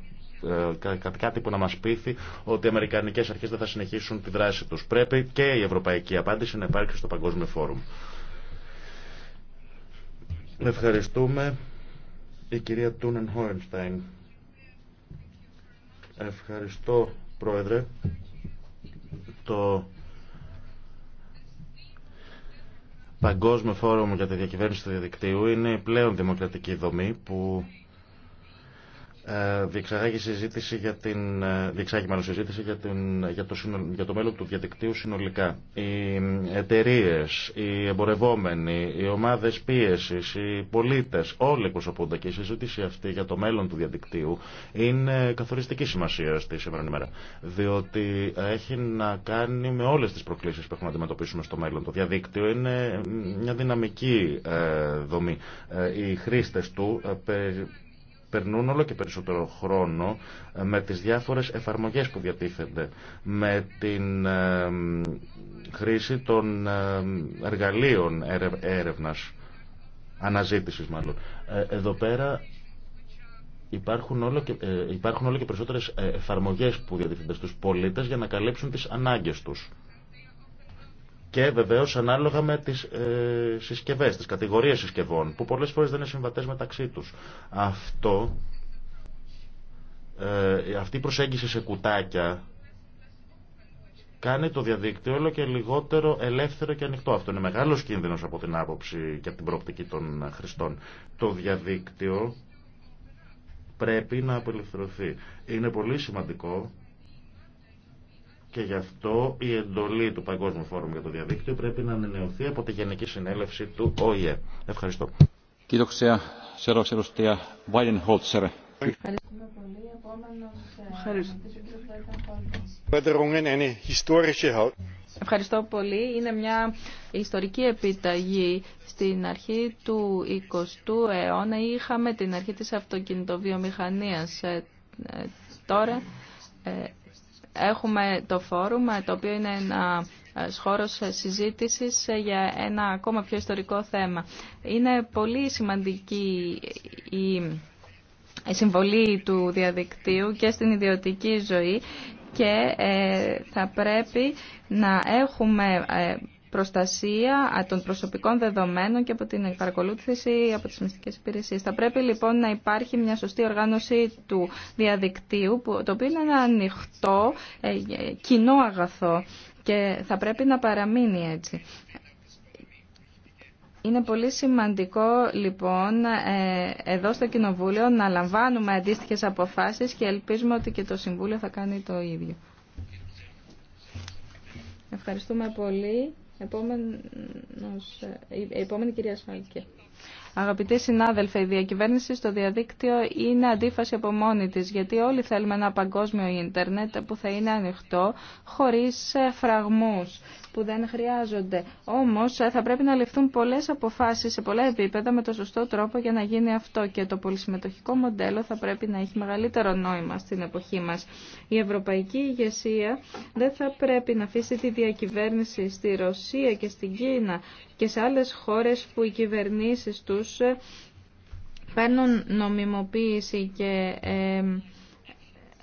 ε, κάτι που να μας πείθει ότι οι Αμερικανικές αρχές δεν θα συνεχίσουν τη δράση τους. Πρέπει και η ευρωπαϊκή απάντηση να υπάρξει στο Παγκόσμιο Φόρουμ. Ευχαριστούμε η κυρία Τούνεν Χόενστάιν. Ευχαριστώ, Πρόεδρε το Παγκόσμιο Φόρουμ για τη Διακυβέρνηση του Διαδικτύου είναι η πλέον δημοκρατική δομή που ε, διεξάγει συζήτηση για την, ε, διεξάγει μάλλον συζήτηση για, την, για, το, για το μέλλον του διαδικτύου συνολικά. Οι εταιρείε, οι εμπορευόμενοι, οι ομάδε πίεση, οι πολίτε, όλοι εκπροσωπούνται και η συζήτηση αυτή για το μέλλον του διαδικτύου είναι καθοριστική σημασία στη σήμερα ημέρα. Διότι έχει να κάνει με όλε τι προκλήσει που έχουμε να αντιμετωπίσουμε στο μέλλον. Το διαδίκτυο είναι μια δυναμική ε, δομή. Οι χρήστε του περνούν όλο και περισσότερο χρόνο ε, με τις διάφορες εφαρμογές που διατίθενται, με την ε, χρήση των ε, εργαλείων έρευνας, αναζήτησης μάλλον. Εδώ πέρα υπάρχουν όλο και, υπάρχουν όλο και περισσότερες εφαρμογές που διατίθενται στους πολίτες για να καλύψουν τις ανάγκες τους και βεβαίως ανάλογα με τις ε, συσκευές, τις κατηγορίες συσκευών που πολλές φορές δεν είναι συμβατές μεταξύ τους. Αυτό, ε, αυτή η προσέγγιση σε κουτάκια κάνει το διαδίκτυο όλο και λιγότερο ελεύθερο και ανοιχτό. Αυτό είναι μεγάλος κίνδυνος από την άποψη και την προοπτική των χρηστών. Το διαδίκτυο πρέπει να απελευθερωθεί. Είναι πολύ σημαντικό και γι' αυτό η εντολή του Παγκόσμιου Φόρουμ για το Διαδίκτυο πρέπει να ανανεωθεί από τη Γενική Συνέλευση του ΟΗΕ. Ευχαριστώ. Ευχαριστώ πολύ. Είναι μια ιστορική επιταγή. Στην αρχή του 20ου αιώνα είχαμε την αρχή της αυτοκινητοβιομηχανίας. Ε, ε, τώρα ε, Έχουμε το φόρουμ, το οποίο είναι ένα ε, χώρος συζήτησης ε, για ένα ακόμα πιο ιστορικό θέμα. Είναι πολύ σημαντική η συμβολή του διαδικτύου και στην ιδιωτική ζωή και ε, θα πρέπει να έχουμε προστασία των προσωπικών δεδομένων και από την παρακολούθηση από τις μυστικές υπηρεσίες. Θα πρέπει λοιπόν να υπάρχει μια σωστή οργάνωση του διαδικτύου, το οποίο είναι ένα ανοιχτό ε, ε, κοινό αγαθό και θα πρέπει να παραμείνει έτσι. Είναι πολύ σημαντικό λοιπόν ε, εδώ στο Κοινοβούλιο να λαμβάνουμε αντίστοιχες αποφάσεις και ελπίζουμε ότι και το Συμβούλιο θα κάνει το ίδιο. Ευχαριστούμε πολύ. Επόμενος, ε, η επόμενη κυρία Σφαλκή. Αγαπητοί συνάδελφοι, η διακυβέρνηση στο διαδίκτυο είναι αντίφαση από μόνη της, γιατί όλοι θέλουμε ένα παγκόσμιο ίντερνετ που θα είναι ανοιχτό, χωρίς ε, φραγμούς που δεν χρειάζονται. Όμως ε, θα πρέπει να ληφθούν πολλές αποφάσεις σε πολλά επίπεδα με το σωστό τρόπο για να γίνει αυτό και το πολυσυμμετοχικό μοντέλο θα πρέπει να έχει μεγαλύτερο νόημα στην εποχή μας. Η ευρωπαϊκή ηγεσία δεν θα πρέπει να αφήσει τη διακυβέρνηση στη Ρωσία και στην Κίνα και σε άλλες χώρε που οι κυβερνήσει του ε, παίρνουν νομιμοποίηση και ε,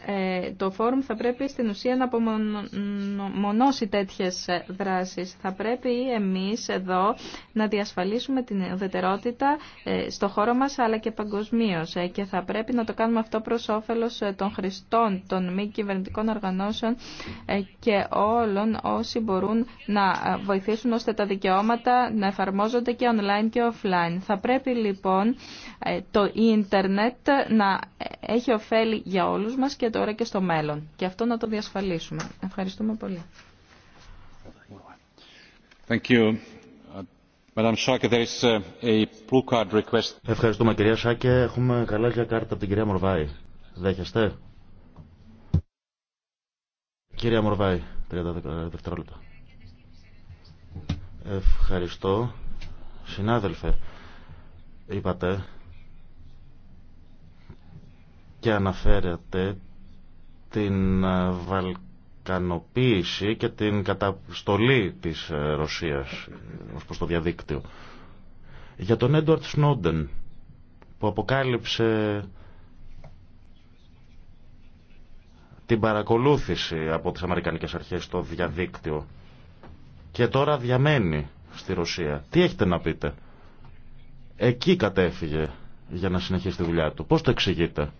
ε, το φόρουμ θα πρέπει στην ουσία να απομονώσει τέτοιες ε, δράσεις. Θα πρέπει εμείς εδώ να διασφαλίσουμε την ουδετερότητα ε, στο χώρο μας αλλά και παγκοσμίω. και θα πρέπει να το κάνουμε αυτό προς όφελος των χρηστών, των μη κυβερνητικών οργανώσεων και όλων όσοι μπορούν να βοηθήσουν ώστε τα δικαιώματα να εφαρμόζονται και online και offline. Θα πρέπει λοιπόν το ίντερνετ να έχει ωφέλη για όλους μας και τώρα και στο μέλλον. Και αυτό να το διασφαλίσουμε. Ευχαριστούμε πολύ. Ευχαριστούμε κυρία Σάκε. Έχουμε καλά για κάρτα από την κυρία Μορβάη. Δέχεστε. Κυρία Μορβάη, 30 δευτερόλεπτα. Ευχαριστώ. Συνάδελφε, είπατε και αναφέρατε την ε, βαλκανοποίηση και την καταστολή της ε, Ρωσίας ε, ως προς το διαδίκτυο. Για τον Έντουαρτ Σνόντεν που αποκάλυψε την παρακολούθηση από τις Αμερικανικές Αρχές στο διαδίκτυο και τώρα διαμένει στη Ρωσία. Τι έχετε να πείτε. Εκεί κατέφυγε για να συνεχίσει τη δουλειά του. Πώς το εξηγείτε.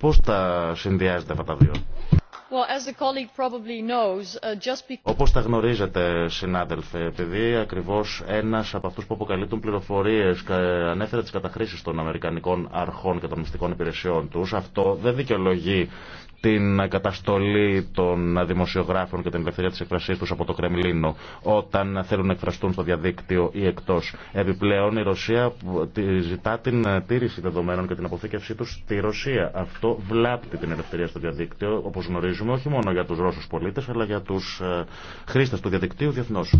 Πώς τα συνδυάζετε αυτά τα δύο. Uh, όπως τα γνωρίζετε συνάδελφε, επειδή ακριβώς ένας από αυτούς που αποκαλύπτουν πληροφορίες ε, ανέφερε τις καταχρήσεις των Αμερικανικών αρχών και των μυστικών υπηρεσιών του. αυτό δεν δικαιολογεί την καταστολή των δημοσιογράφων και την ελευθερία της εκφρασής τους από το Κρεμλίνο όταν θέλουν να εκφραστούν στο διαδίκτυο ή εκτός. Επιπλέον η Ρωσία ε, ζητά την ε, τήρηση δεδομένων και την αποθήκευσή τους στη Ρωσία. Αυτό βλάπτει την ελευθερία στο διαδίκτυο, όπως γνωρίζουμε όχι μόνο για τους Ρώσους πολίτες αλλά για τους ε, χρήστες του διαδικτύου διεθνώς.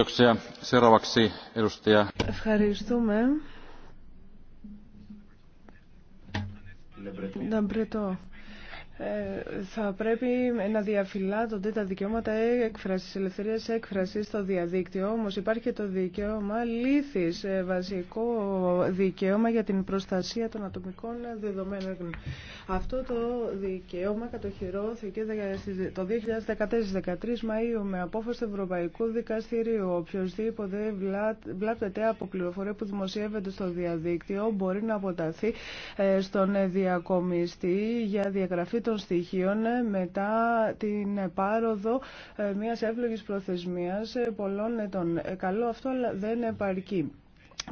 Ευχαριστούμε. Ε, θα πρέπει να διαφυλάτονται τα δικαιώματα έκφρασης, ελευθερίας έκφρασης στο διαδίκτυο, όμως υπάρχει και το δικαίωμα λήθης, ε, βασικό δικαίωμα για την προστασία των ατομικών δεδομένων. Αυτό το δικαίωμα κατοχυρώθηκε το 2014, 13 Μαΐου, με απόφαση του Ευρωπαϊκού Δικαστηρίου. Οποιοςδήποτε βλάπτεται από πληροφορία που δημοσιεύεται στο διαδίκτυο μπορεί να αποταθεί ε, στον διακομιστή για διαγραφή των στοιχείων ε, μετά την πάροδο ε, μιας εύλογης προθεσμίας ε, πολλών ετών. Καλό αυτό, αλλά δεν επαρκεί.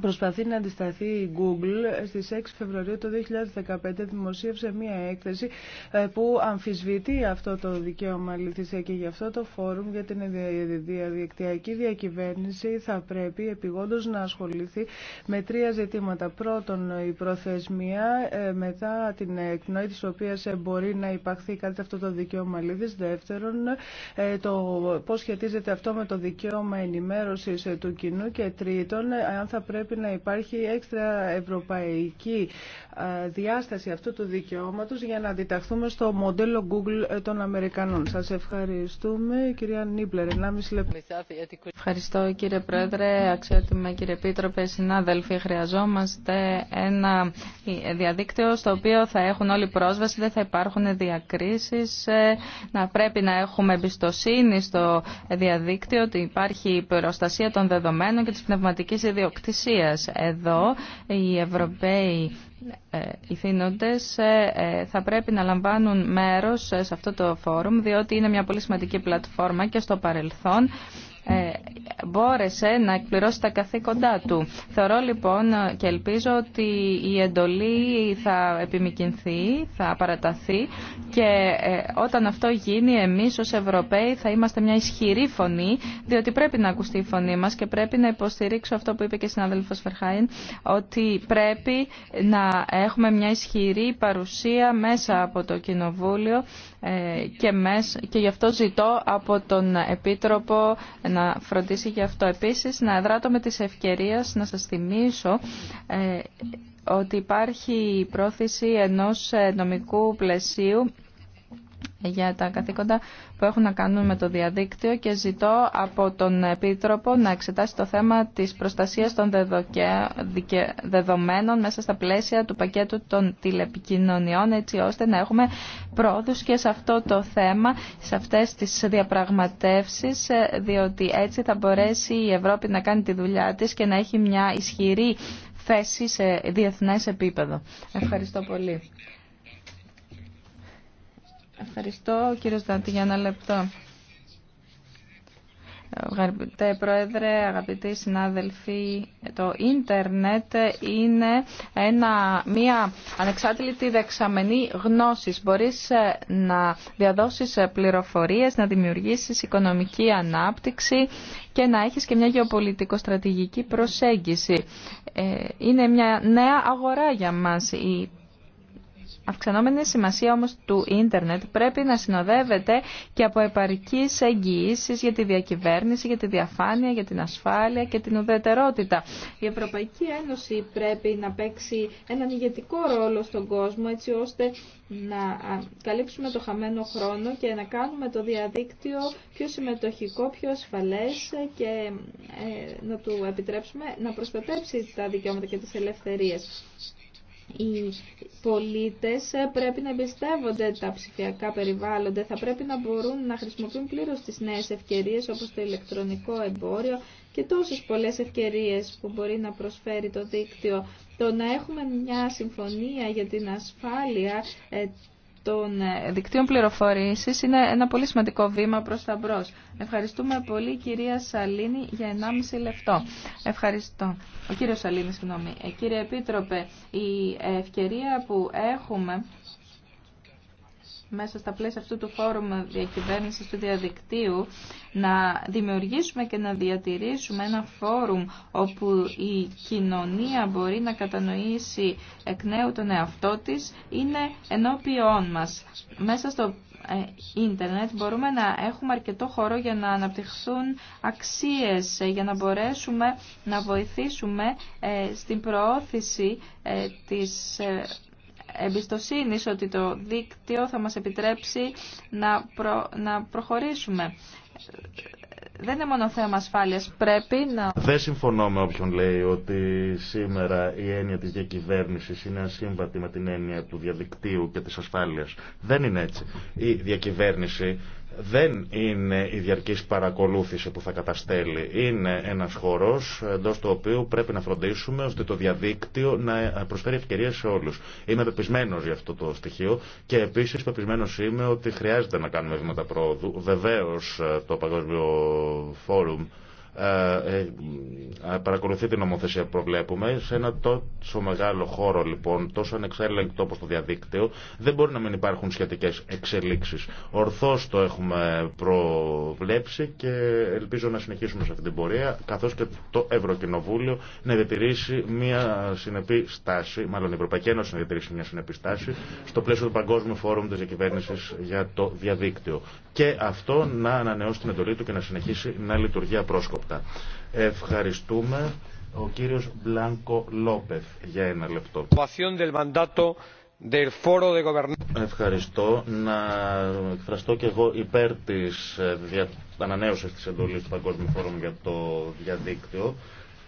Προσπαθεί να αντισταθεί η Google. Στις 6 Φεβρουαρίου του 2015 δημοσίευσε μία έκθεση ε, που αμφισβητεί αυτό το δικαίωμα αληθισία και γι' αυτό το φόρουμ για την διαδικτυακή διακυβέρνηση θα πρέπει επιγόντως να ασχοληθεί με τρία ζητήματα. Πρώτον, η προθεσμία ε, μετά την εκνοή της οποίας ε, μπορεί να υπαχθεί κάτι αυτό το δικαίωμα αλήθης. Δεύτερον, το πώς σχετίζεται αυτό με το δικαίωμα ενημέρωσης του κοινού και τρίτον, αν θα πρέπει πρέπει να υπάρχει έξτρα ευρωπαϊκή διάσταση αυτού του δικαιώματος για να αντιταχθούμε στο μοντέλο Google ε, των Αμερικανών. Σας ευχαριστούμε. Κυρία Νίπλερ, 1,5 λεπτά. Ευχαριστώ κύριε Πρόεδρε, αξιότιμα κύριε Επίτροπε, συνάδελφοι. Χρειαζόμαστε ένα ε, διαδίκτυο στο οποίο θα έχουν όλοι πρόσβαση, δεν θα υπάρχουν διακρίσεις, ε, να πρέπει να έχουμε εμπιστοσύνη στο διαδίκτυο, ότι υπάρχει προστασία των δεδομένων και της πνευματικής ιδιοκτησίας. Εδώ οι Ευρωπαίοι ε, ηθήνοντες ε, ε, θα πρέπει να λαμβάνουν μέρος σε αυτό το φόρουμ διότι είναι μια πολύ σημαντική πλατφόρμα και στο παρελθόν ε, μπόρεσε να εκπληρώσει τα καθήκοντά του. Θεωρώ λοιπόν και ελπίζω ότι η εντολή θα επιμηκυνθεί, θα παραταθεί και ε, όταν αυτό γίνει εμείς ως Ευρωπαίοι θα είμαστε μια ισχυρή φωνή διότι πρέπει να ακουστεί η φωνή μας και πρέπει να υποστηρίξω αυτό που είπε και η συνάδελφος Φερχάιν ότι πρέπει να έχουμε μια ισχυρή παρουσία μέσα από το Κοινοβούλιο ε, και μες και γι' αυτό ζητώ από τον Επίτροπο να φροντίσει γι' αυτό. Επίσης, να εδράτω με τις ευκαιρίες να σας θυμίσω ε, ότι υπάρχει η πρόθεση ενός ε, νομικού πλαισίου για τα καθήκοντα που έχουν να κάνουν με το διαδίκτυο και ζητώ από τον Επίτροπο να εξετάσει το θέμα της προστασίας των δεδομένων μέσα στα πλαίσια του πακέτου των τηλεπικοινωνιών έτσι ώστε να έχουμε πρόοδους και σε αυτό το θέμα, σε αυτές τις διαπραγματεύσεις ε, διότι έτσι θα μπορέσει η Ευρώπη να κάνει τη δουλειά της και να έχει μια ισχυρή θέση σε διεθνές επίπεδο. Ευχαριστώ πολύ. Ευχαριστώ, κύριος Δάντη, για ένα λεπτό. Αγαπητέ Πρόεδρε, αγαπητοί συνάδελφοι, το ίντερνετ είναι ένα, μια ανεξάτηλη δεξαμενή γνώσης. Μπορείς ε, να διαδώσεις ε, πληροφορίες, να δημιουργήσεις οικονομική ανάπτυξη και να έχεις και μια γεωπολιτικο-στρατηγική προσέγγιση. Ε, είναι μια νέα αγορά για μας η αυξανόμενη σημασία όμως του ίντερνετ πρέπει να συνοδεύεται και από επαρκείς εγγυήσει για τη διακυβέρνηση, για τη διαφάνεια, για την ασφάλεια και την ουδετερότητα. Η Ευρωπαϊκή Ένωση πρέπει να παίξει έναν ηγετικό ρόλο στον κόσμο έτσι ώστε να καλύψουμε το χαμένο χρόνο και να κάνουμε το διαδίκτυο πιο συμμετοχικό, πιο ασφαλές και ε, να του επιτρέψουμε να προστατεύσει τα δικαιώματα και τις ελευθερίες οι πολίτες πρέπει να εμπιστεύονται τα ψηφιακά περιβάλλοντα, θα πρέπει να μπορούν να χρησιμοποιούν πλήρως τις νέες ευκαιρίες όπως το ηλεκτρονικό εμπόριο και τόσες πολλές ευκαιρίες που μπορεί να προσφέρει το δίκτυο. Το να έχουμε μια συμφωνία για την ασφάλεια ε, των ε, δικτύων πληροφορίες είναι ένα πολύ σημαντικό βήμα προ τα μπρο. Ευχαριστούμε πολύ κυρία Σαλίνη για 1,5 λεπτό. Ευχαριστώ. Ο κύριος Σαλίνη, συγγνώμη. Ε, κύριε Επίτροπε, η ευκαιρία που έχουμε μέσα στα πλαίσια αυτού του φόρουμ διακυβέρνηση του διαδικτύου να δημιουργήσουμε και να διατηρήσουμε ένα φόρουμ όπου η κοινωνία μπορεί να κατανοήσει εκ νέου τον εαυτό της είναι ενώπιόν μας. Μέσα στο ε, ίντερνετ μπορούμε να έχουμε αρκετό χώρο για να αναπτυχθούν αξίες, ε, για να μπορέσουμε να βοηθήσουμε ε, στην προώθηση της εμπιστοσύνης ότι το δίκτυο θα μας επιτρέψει να, να προχωρήσουμε. Δεν είναι μόνο θέμα ασφάλειας, πρέπει να... Δεν συμφωνώ με όποιον λέει ότι σήμερα η έννοια της διακυβέρνησης είναι ασύμβατη με την έννοια του διαδικτύου και της ασφάλειας. Δεν είναι έτσι. Η διακυβέρνηση δεν είναι η διαρκής παρακολούθηση που θα καταστέλει. Είναι ένας χώρος εντό του οποίου πρέπει να φροντίσουμε ώστε το διαδίκτυο να προσφέρει ευκαιρίες σε όλους. Είμαι πεπισμένος για αυτό το στοιχείο και επίσης πεπισμένος είμαι ότι χρειάζεται να κάνουμε βήματα πρόοδου. Βεβαίως το Παγκόσμιο Φόρουμ ε, ε, ε, παρακολουθεί την νομοθεσία που προβλέπουμε. Σε ένα τόσο μεγάλο χώρο λοιπόν, τόσο ανεξέλεγκτο όπως το διαδίκτυο, δεν μπορεί να μην υπάρχουν σχετικές εξελίξεις. Ορθώς το έχουμε προβλέψει και ελπίζω να συνεχίσουμε σε αυτή την πορεία, καθώς και το Ευρωκοινοβούλιο να διατηρήσει μια συνεπή στάση, μάλλον η Ευρωπαϊκή Ένωση να διατηρήσει μια συνεπή στάση, στο πλαίσιο του Παγκόσμιου Φόρουμ της Διακυβέρνησης για το διαδίκτυο. Και αυτό να ανανεώσει την εντολή του και να συνεχίσει να λειτουργεί απρόσκοπτα. Ευχαριστούμε. Ο κύριος Μπλάνκο Λόπεθ για ένα λεπτό. Ευχαριστώ. Να εκφραστώ και εγώ υπέρ της ανανέωσης της εντολής του Παγκόσμιου Φόρουμ για το διαδίκτυο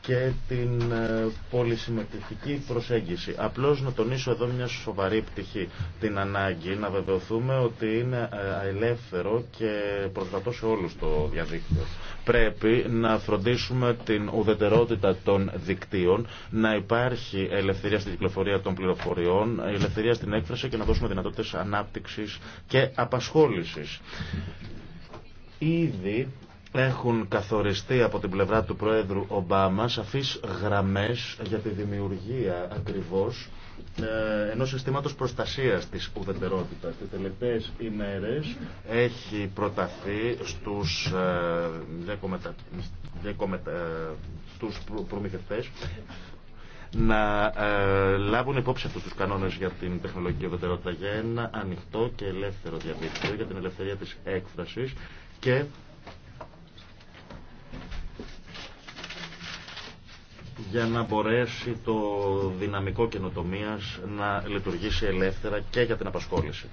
και την ε, πολυσυμμετρική προσέγγιση. Απλώς να τονίσω εδώ μια σοβαρή πτυχή, την ανάγκη να βεβαιωθούμε ότι είναι ε, ελεύθερο και προσβατό σε όλους το διαδίκτυο. Πρέπει να φροντίσουμε την ουδετερότητα των δικτύων, να υπάρχει ελευθερία στην κυκλοφορία των πληροφοριών, ελευθερία στην έκφραση και να δώσουμε δυνατότητες ανάπτυξης και απασχόλησης. Ήδη έχουν καθοριστεί από την πλευρά του Πρόεδρου Ομπάμα σαφείς γραμμές για τη δημιουργία ακριβώς ε, ενός συστήματος προστασίας της ουδετερότητας. Τις τελευταίες ημέρες έχει προταθεί στους, ε, διακομετα... στους προμηθευτές να ε, λάβουν υπόψη αυτού του κανόνες για την τεχνολογική ουδετερότητα για ένα ανοιχτό και ελεύθερο διαδίκτυο, για την ελευθερία της έκφρασης και για να μπορέσει το δυναμικό καινοτομία να λειτουργήσει ελεύθερα και για την απασχόληση.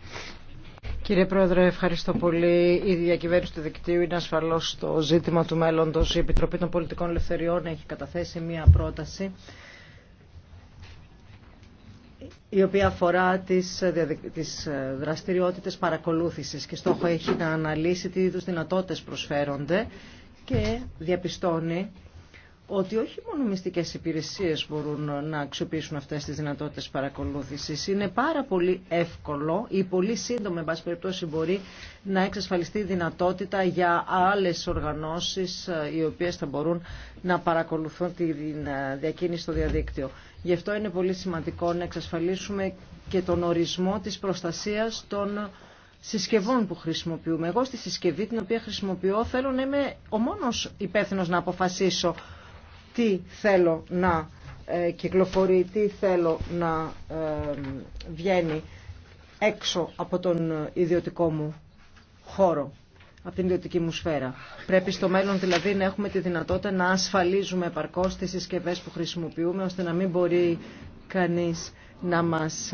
Κύριε Πρόεδρε, ευχαριστώ πολύ. Η διακυβέρνηση του δικτύου είναι ασφαλώ το ζήτημα του μέλλοντο. Η Επιτροπή των Πολιτικών Ελευθεριών έχει καταθέσει μία πρόταση η οποία αφορά τις, τις δραστηριότητες παρακολούθησης και στόχο έχει να αναλύσει τι είδους δυνατότητες προσφέρονται και διαπιστώνει ότι όχι μόνο μυστικέ υπηρεσίε μπορούν να αξιοποιήσουν αυτέ τι δυνατότητε παρακολούθηση. Είναι πάρα εύκολο ή πολύ σύντομα, εν πάση περιπτώσει, μπορεί να εξασφαλιστεί η δυνατότητα για άλλες οργανώσεις ε, οποίες θα μπορούν να παρακολουθούν τη ε, διακίνηση στο διαδίκτυο. Γι' αυτό είναι πολύ σημαντικό να εξασφαλίσουμε και τον ορισμό τη προστασία των συσκευών που χρησιμοποιούμε. Εγώ στη συσκευή την οποία χρησιμοποιώ θέλω να είμαι ο μόνος υπεύθυνο να αποφασίσω τι θέλω να ε, κυκλοφορεί, τι θέλω να ε, βγαίνει έξω από τον ε, ιδιωτικό μου χώρο, από την ιδιωτική μου σφαίρα. Πρέπει στο μέλλον δηλαδή να έχουμε τη δυνατότητα να ασφαλίζουμε επαρκώς τις συσκευέ που χρησιμοποιούμε, ώστε να μην μπορεί κανείς να μας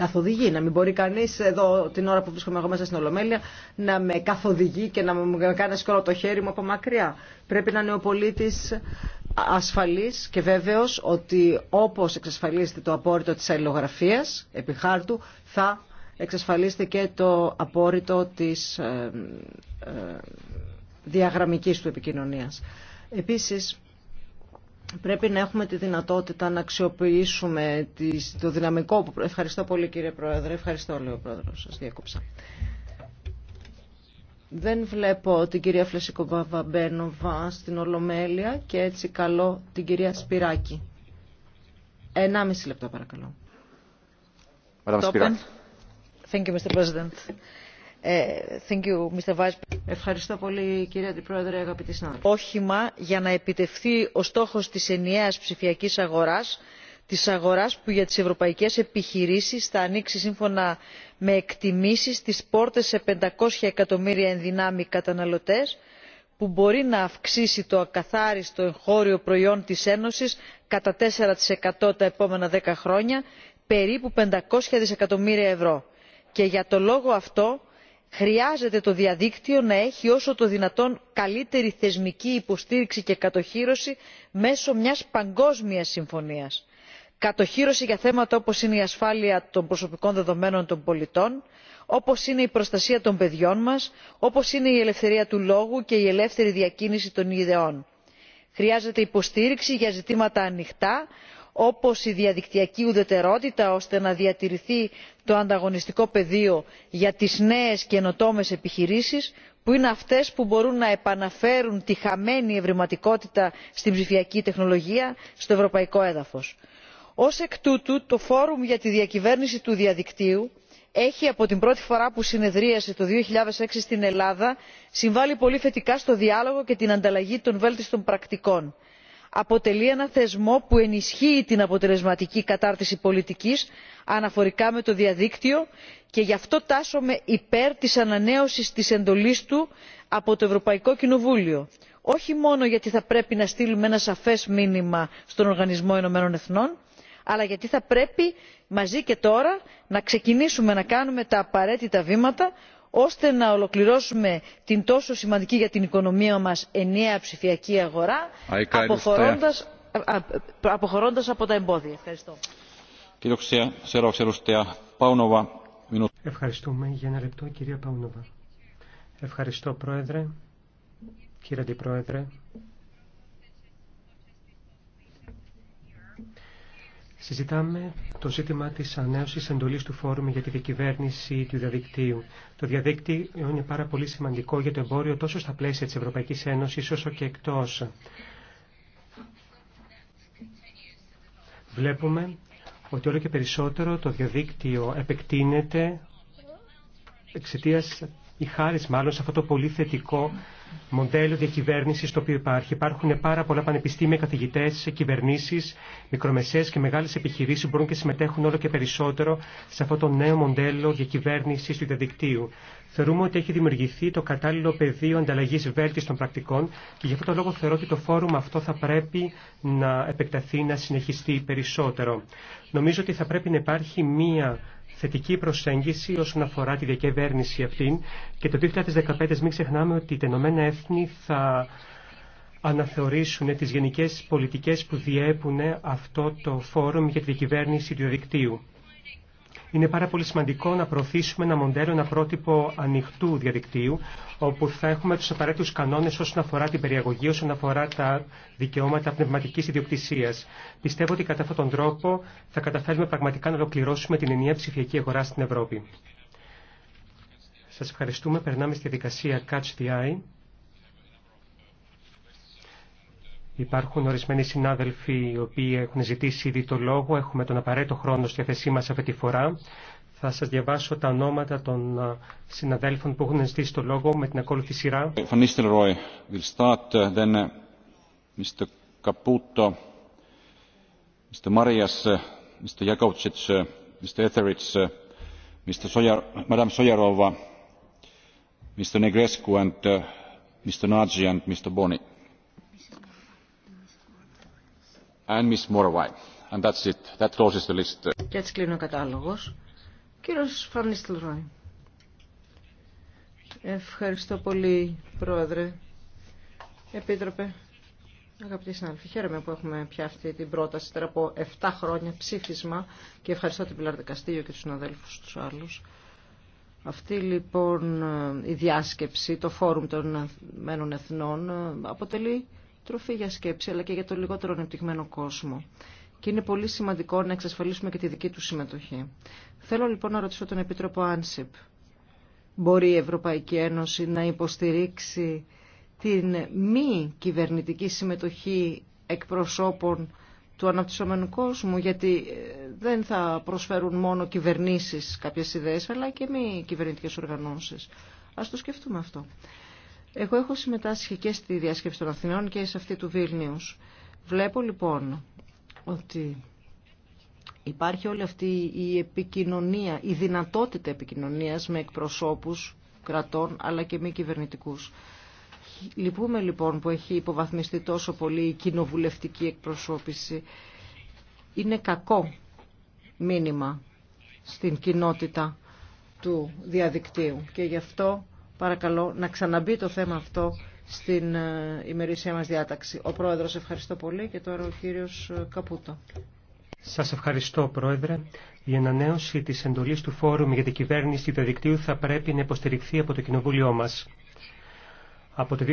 καθοδηγεί. Να μην μπορεί κανεί εδώ την ώρα που βρίσκομαι εγώ μέσα στην Ολομέλεια να με καθοδηγεί και να μου κάνει σκόλο το χέρι μου από μακριά. Πρέπει να είναι ο πολίτη ασφαλής και βέβαιος ότι όπως εξασφαλίζεται το απόρριτο της αλληλογραφία, επί χάρτου θα εξασφαλίσετε και το απόρριτο της ε, ε διαγραμμικής του επικοινωνίας. Επίσης, Πρέπει να έχουμε τη δυνατότητα να αξιοποιήσουμε το δυναμικό που... Ευχαριστώ πολύ κύριε Πρόεδρε. Ευχαριστώ λέει ο Πρόεδρος. Σας διέκοψα. Δεν βλέπω την κυρία Φλεσικοβάβα Μπένοβα στην Ολομέλεια και έτσι καλώ την κυρία Σπυράκη. Ενάμιση λεπτό παρακαλώ. Thank you, Mr. President. Ε, Ευχαριστώ πολύ κύριε Αντιπρόεδρε, αγαπητοί συνάδελφοι. Όχημα για να επιτευχθεί ο στόχος της ενιαίας ψηφιακής αγοράς, της αγοράς που για τις ευρωπαϊκές επιχειρήσεις θα ανοίξει σύμφωνα με εκτιμήσεις τις πόρτες σε πεντακόσια εκατομμύρια δυνάμει καταναλωτές, που μπορεί να αυξήσει το ακαθάριστο εγχώριο προϊόν της Ένωσης κατά 4% τα επόμενα δέκα χρόνια, περίπου 500 δισεκατομμύρια ευρώ. Και για το λόγο αυτό χρειάζεται το διαδίκτυο να έχει όσο το δυνατόν καλύτερη θεσμική υποστήριξη και κατοχύρωση μέσω μιας παγκόσμιας συμφωνίας κατοχύρωση για θέματα όπως είναι η ασφάλεια των προσωπικών δεδομένων των πολιτών όπως είναι η προστασία των παιδιών μας όπως είναι η ελευθερία του λόγου και η ελεύθερη διακίνηση των ιδεών. χρειάζεται υποστήριξη για ζητήματα ανοιχτά όπως η διαδικτυακή ουδετερότητα ώστε να διατηρηθεί το ανταγωνιστικό πεδίο για τις νέες καινοτόμες επιχειρήσεις που είναι αυτές που μπορούν να επαναφέρουν τη χαμένη ευρηματικότητα στην ψηφιακή τεχνολογία στο ευρωπαϊκό έδαφος. ως εκ τούτου το φόρουμ για τη διακυβέρνηση του διαδικτύου έχει από την πρώτη φορά που συνεδρίασε το 2006 στην ελλάδα συμβάλει πολύ θετικά στο διάλογο και την ανταλλαγή των βέλτιστων πρακτικών αποτελεί ένα θεσμό που ενισχύει την αποτελεσματική κατάρτιση πολιτικής αναφορικά με το διαδίκτυο και γι' αυτό τάσσομαι υπέρ της ανανέωσης της εντολής του από το ευρωπαϊκό κοινοβούλιο όχι μόνο γιατί θα πρέπει να στείλουμε ένα σαφές μήνυμα στον οργανισμό ηνωμένων εθνών αλλά γιατί θα πρέπει μαζί και τώρα να ξεκινήσουμε να κάνουμε τα απαραίτητα βήματα ώστε να ολοκληρώσουμε την τόσο σημαντική για την οικονομία μας ενιαία ψηφιακή αγορά αποχωρώντας, από τα εμπόδια. Ευχαριστώ. Ευχαριστούμε. Για ένα λεπτό, κυρία Παούνοβα. Ευχαριστώ, Πρόεδρε, κύριε Αντιπρόεδρε, Συζητάμε το ζήτημα της ανέωση εντολή του Φόρουμ για τη διακυβέρνηση του διαδικτύου. Το διαδίκτυο είναι πάρα πολύ σημαντικό για το εμπόριο τόσο στα πλαίσια της Ευρωπαϊκής Ένωσης όσο και εκτός. Βλέπουμε ότι όλο και περισσότερο το διαδίκτυο επεκτείνεται εξαιτία ή χάρη μάλλον σε αυτό το πολύ θετικό μοντέλο διακυβέρνηση το οποίο υπάρχει. Υπάρχουν πάρα πολλά πανεπιστήμια, καθηγητέ, κυβερνήσει, μικρομεσαίε και μεγάλε επιχειρήσει που μπορούν και συμμετέχουν όλο και περισσότερο σε αυτό το νέο μοντέλο διακυβέρνηση του διαδικτύου. Θεωρούμε ότι έχει δημιουργηθεί το κατάλληλο πεδίο ανταλλαγή βέλτιστων πρακτικών και γι' αυτό το λόγο θεωρώ ότι το φόρουμ αυτό θα πρέπει να επεκταθεί, να συνεχιστεί περισσότερο. Νομίζω ότι θα πρέπει να υπάρχει μία θετική προσέγγιση όσον αφορά τη διακυβέρνηση αυτήν και το 2015 μην ξεχνάμε ότι τα Ηνωμένα Έθνη θα αναθεωρήσουν τις γενικές πολιτικές που διέπουν αυτό το φόρουμ για τη διακυβέρνηση του δικτύου. Είναι πάρα πολύ σημαντικό να προωθήσουμε ένα μοντέλο, ένα πρότυπο ανοιχτού διαδικτύου, όπου θα έχουμε του απαραίτητου κανόνε όσον αφορά την περιαγωγή, όσον αφορά τα δικαιώματα πνευματική ιδιοκτησία. Πιστεύω ότι κατά αυτόν τον τρόπο θα καταφέρουμε πραγματικά να ολοκληρώσουμε την ενιαία ψηφιακή αγορά στην Ευρώπη. Σας ευχαριστούμε. Περνάμε στη διαδικασία Catch the Eye. Υπάρχουν ορισμένοι συνάδελφοι οι οποίοι έχουν ζητήσει ήδη το λόγο. Έχουμε τον απαραίτητο χρόνο στη θέσή μας αυτή τη φορά. Θα σας διαβάσω τα ονόματα των συναδέλφων που έχουν ζητήσει το λόγο με την ακόλουθη σειρά. Ε, Mr. Caputo, Mr. Marias, ε, Mr. Jakovcic, ε, Mr. Etheridge, Mr. Sojar, Madame Sojarova, Mr. Negrescu and Mr. Nagy and Mr. Boni. Και έτσι κλείνει ο κατάλογος. Κύριος Φανίστηλρόι. Ευχαριστώ πολύ, Πρόεδρε. Επίτροπε, αγαπητοί συνάδελφοι, χαίρομαι που έχουμε πια αυτή την πρόταση τώρα από 7 χρόνια ψήφισμα και ευχαριστώ την πιλάρτα Καστίγιο και τους συναδέλφου τους άλλους. Αυτή λοιπόν η διάσκεψη, το φόρουμ των Ηνωμένων Εθνών ε, αποτελεί τροφή για σκέψη αλλά και για το λιγότερο ανεπτυγμένο κόσμο. Και είναι πολύ σημαντικό να εξασφαλίσουμε και τη δική του συμμετοχή. Θέλω λοιπόν να ρωτήσω τον Επίτροπο Άνσιπ. Μπορεί η Ευρωπαϊκή Ένωση να υποστηρίξει την μη κυβερνητική συμμετοχή εκπροσώπων του αναπτυσσόμενου κόσμου, γιατί ε, δεν θα προσφέρουν μόνο κυβερνήσεις κάποιες ιδέες, αλλά και μη κυβερνητικές οργανώσεις. Ας το σκεφτούμε αυτό. Εγώ έχω συμμετάσχει και στη διάσκεψη των Αθηνών και σε αυτή του Βίλνιους. Βλέπω λοιπόν ότι υπάρχει όλη αυτή η επικοινωνία, η δυνατότητα επικοινωνίας με εκπροσώπους κρατών αλλά και μη κυβερνητικούς. Λυπούμε λοιπόν που έχει υποβαθμιστεί τόσο πολύ η κοινοβουλευτική εκπροσώπηση. Είναι κακό μήνυμα στην κοινότητα του διαδικτύου και γι' αυτό παρακαλώ να ξαναμπεί το θέμα αυτό στην ε, ημερήσια μας διάταξη. Ο Πρόεδρος ευχαριστώ πολύ και τώρα ο κύριος ε, Καπούτο. Σας ευχαριστώ Πρόεδρε. Η ανανέωση της εντολής του Φόρουμ για την κυβέρνηση του δικτύου θα πρέπει να υποστηριχθεί από το Κοινοβούλιο μας. Από το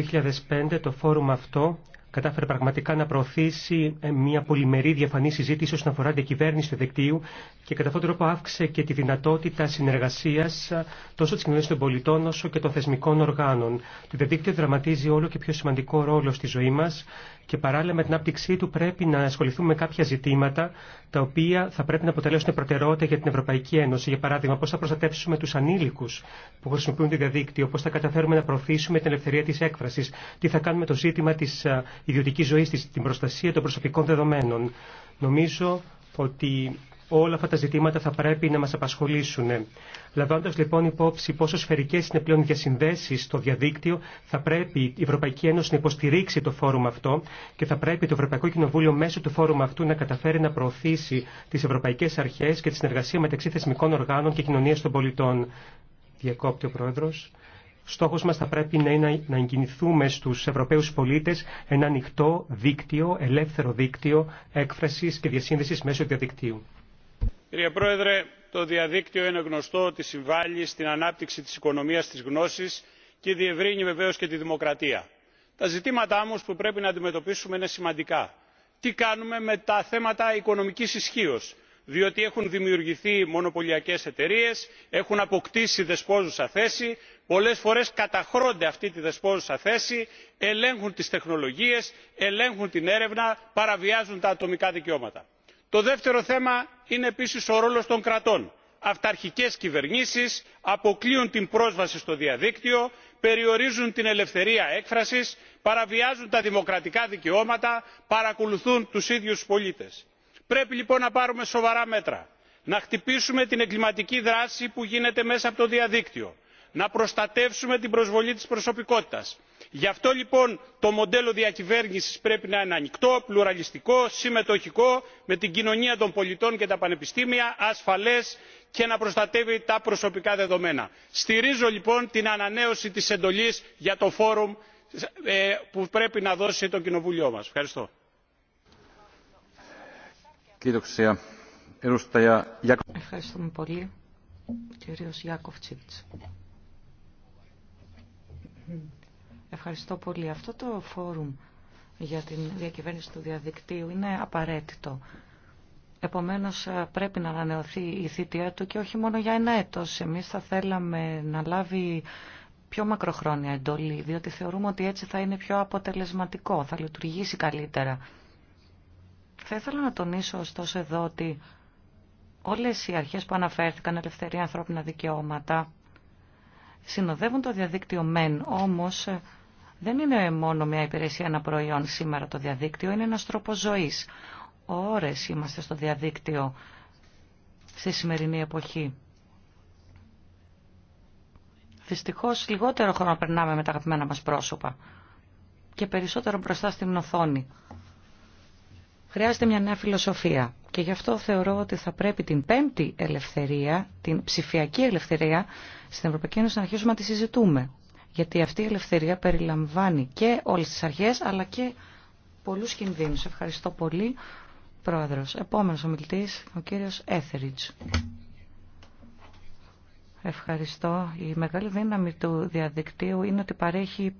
2005 το φόρουμ αυτό κατάφερε πραγματικά να προωθήσει ε, μια πολυμερή διαφανή συζήτηση όσον αφορά την κυβέρνηση του δικτύου και κατά αυτόν τον τρόπο αύξησε και τη δυνατότητα συνεργασία ε, τόσο τη κοινωνία των πολιτών όσο και των θεσμικών οργάνων. Το διαδίκτυο δραματίζει όλο και πιο σημαντικό ρόλο στη ζωή μα και παράλληλα με την άπτυξή του πρέπει να ασχοληθούμε με κάποια ζητήματα τα οποία θα πρέπει να αποτελέσουν προτεραιότητα για την Ευρωπαϊκή Ένωση. Για παράδειγμα, πώ θα προστατεύσουμε του ανήλικου που χρησιμοποιούν το διαδίκτυο, πώ θα καταφέρουμε να προωθήσουμε την ελευθερία τη έκφραση, τι θα κάνουμε το ζήτημα τη ιδιωτική ζωή, την προστασία των προσωπικών δεδομένων. Νομίζω ότι Όλα αυτά τα ζητήματα θα πρέπει να μας απασχολήσουν. Λαμβάνοντας λοιπόν υπόψη πόσο σφαιρικές είναι πλέον διασυνδέσεις στο διαδίκτυο, θα πρέπει η Ευρωπαϊκή Ένωση να υποστηρίξει το φόρουμ αυτό και θα πρέπει το Ευρωπαϊκό Κοινοβούλιο μέσω του φόρουμ αυτού να καταφέρει να προωθήσει τις ευρωπαϊκές αρχές και τη συνεργασία μεταξύ θεσμικών οργάνων και κοινωνίας των πολιτών. Διακόπτει ο Πρόεδρος. Στόχος μας θα πρέπει να είναι να εγκινηθούμε στους Ευρωπαίους πολίτες ένα ανοιχτό δίκτυο, ελεύθερο δίκτυο έκφρασης και διασύνδεσης μέσω διαδικτύου κύριε πρόεδρε το διαδίκτυο είναι γνωστό ότι συμβάλλει στην ανάπτυξη της οικονομίας της γνώσης και διευρύνει βεβαίως και τη δημοκρατία. τα ζητήματα όμως που πρέπει να αντιμετωπίσουμε είναι σημαντικά. τι κάνουμε με τα θέματα οικονομικής ισχύως διότι έχουν δημιουργηθεί μονοπωλιακές εταιρείες έχουν αποκτήσει δεσπόζουσα θέση πολλές φορές καταχρώνται αυτή τη δεσπόζουσα θέση ελέγχουν τις τεχνολογίες ελέγχουν την έρευνα παραβιάζουν τα ατομικά δικαιώματα το δεύτερο θέμα είναι επίσης ο ρόλος των κρατών. αυταρχικές κυβερνήσεις αποκλείουν την πρόσβαση στο διαδίκτυο περιορίζουν την ελευθερία έκφρασης παραβιάζουν τα δημοκρατικά δικαιώματα παρακολουθούν τους ίδιους τους πολίτες. πρέπει λοιπόν να πάρουμε σοβαρά μέτρα να χτυπήσουμε την εγκληματική δράση που γίνεται μέσα από το διαδίκτυο να προστατεύσουμε την προσβολή της προσωπικότητας γι' αυτό λοιπόν το μοντέλο διακυβέρνηση πρέπει να είναι ανοιχτό πλουραλιστικό συμμετοχικό με την κοινωνία των πολιτών και τα πανεπιστήμια ασφαλές και να προστατεύει τα προσωπικά δεδομένα. στηρίζω λοιπόν την ανανέωση της εντολής για το φόρουμ ε, που πρέπει να δώσει το κοινοβούλιο μα. ευχαριστώ. Ευχαριστώ πολύ. Αυτό το φόρουμ για την διακυβέρνηση του διαδικτύου είναι απαραίτητο. Επομένως ε, πρέπει να ανανεωθεί η θητεία του και όχι μόνο για ένα έτος. Εμείς θα θέλαμε να λάβει πιο μακροχρόνια εντολή, διότι θεωρούμε ότι έτσι θα είναι πιο αποτελεσματικό, θα λειτουργήσει καλύτερα. Θα ήθελα να τονίσω ωστόσο εδώ ότι όλες οι αρχές που αναφέρθηκαν, ελευθερία ανθρώπινα δικαιώματα, συνοδεύουν το διαδίκτυο μεν, όμως ε, δεν είναι μόνο μια υπηρεσία, ένα προϊόν σήμερα το διαδίκτυο, είναι ένας τρόπος ζωής. Ώρες είμαστε στο διαδίκτυο στη σημερινή εποχή. Δυστυχώ λιγότερο χρόνο περνάμε με τα αγαπημένα μας πρόσωπα και περισσότερο μπροστά στην οθόνη. Χρειάζεται μια νέα φιλοσοφία και γι' αυτό θεωρώ ότι θα πρέπει την πέμπτη ελευθερία, την ψηφιακή ελευθερία στην Ευρωπαϊκή Ένωση να αρχίσουμε να τη συζητούμε γιατί αυτή η ελευθερία περιλαμβάνει και όλες τις αρχές αλλά και πολλούς κινδύνους. Ευχαριστώ πολύ, Πρόεδρος. Επόμενος ομιλητής, ο κύριος Έθεριτς. Ευχαριστώ. Η μεγάλη δύναμη του διαδικτύου είναι ότι παρέχει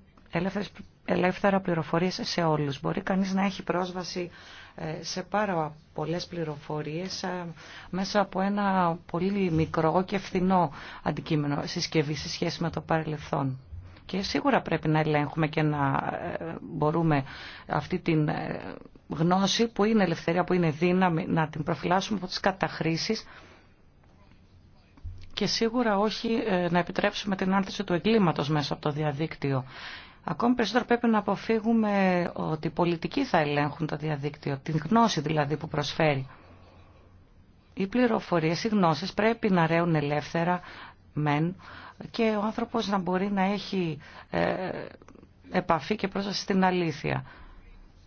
ελεύθερα πληροφορίες σε όλους. Μπορεί κανείς να έχει πρόσβαση ε, σε πάρα πολλές πληροφορίες ε, μέσα από ένα πολύ μικρό και φθηνό αντικείμενο συσκευή σε σχέση με το παρελθόν. Και σίγουρα πρέπει να ελέγχουμε και να ε, μπορούμε αυτή την ε, γνώση που είναι ελευθερία, που είναι δύναμη, να την προφυλάσσουμε από τις καταχρήσεις και σίγουρα όχι ε, να επιτρέψουμε την άνθηση του εγκλήματος μέσα από το διαδίκτυο. Ακόμη περισσότερο πρέπει να αποφύγουμε ότι οι πολιτικοί θα ελέγχουν το διαδίκτυο, την γνώση δηλαδή που προσφέρει. Οι πληροφορίες, οι γνώσεις πρέπει να ρέουν ελεύθερα μεν και ο άνθρωπος να μπορεί να έχει ε, επαφή και πρόσβαση στην αλήθεια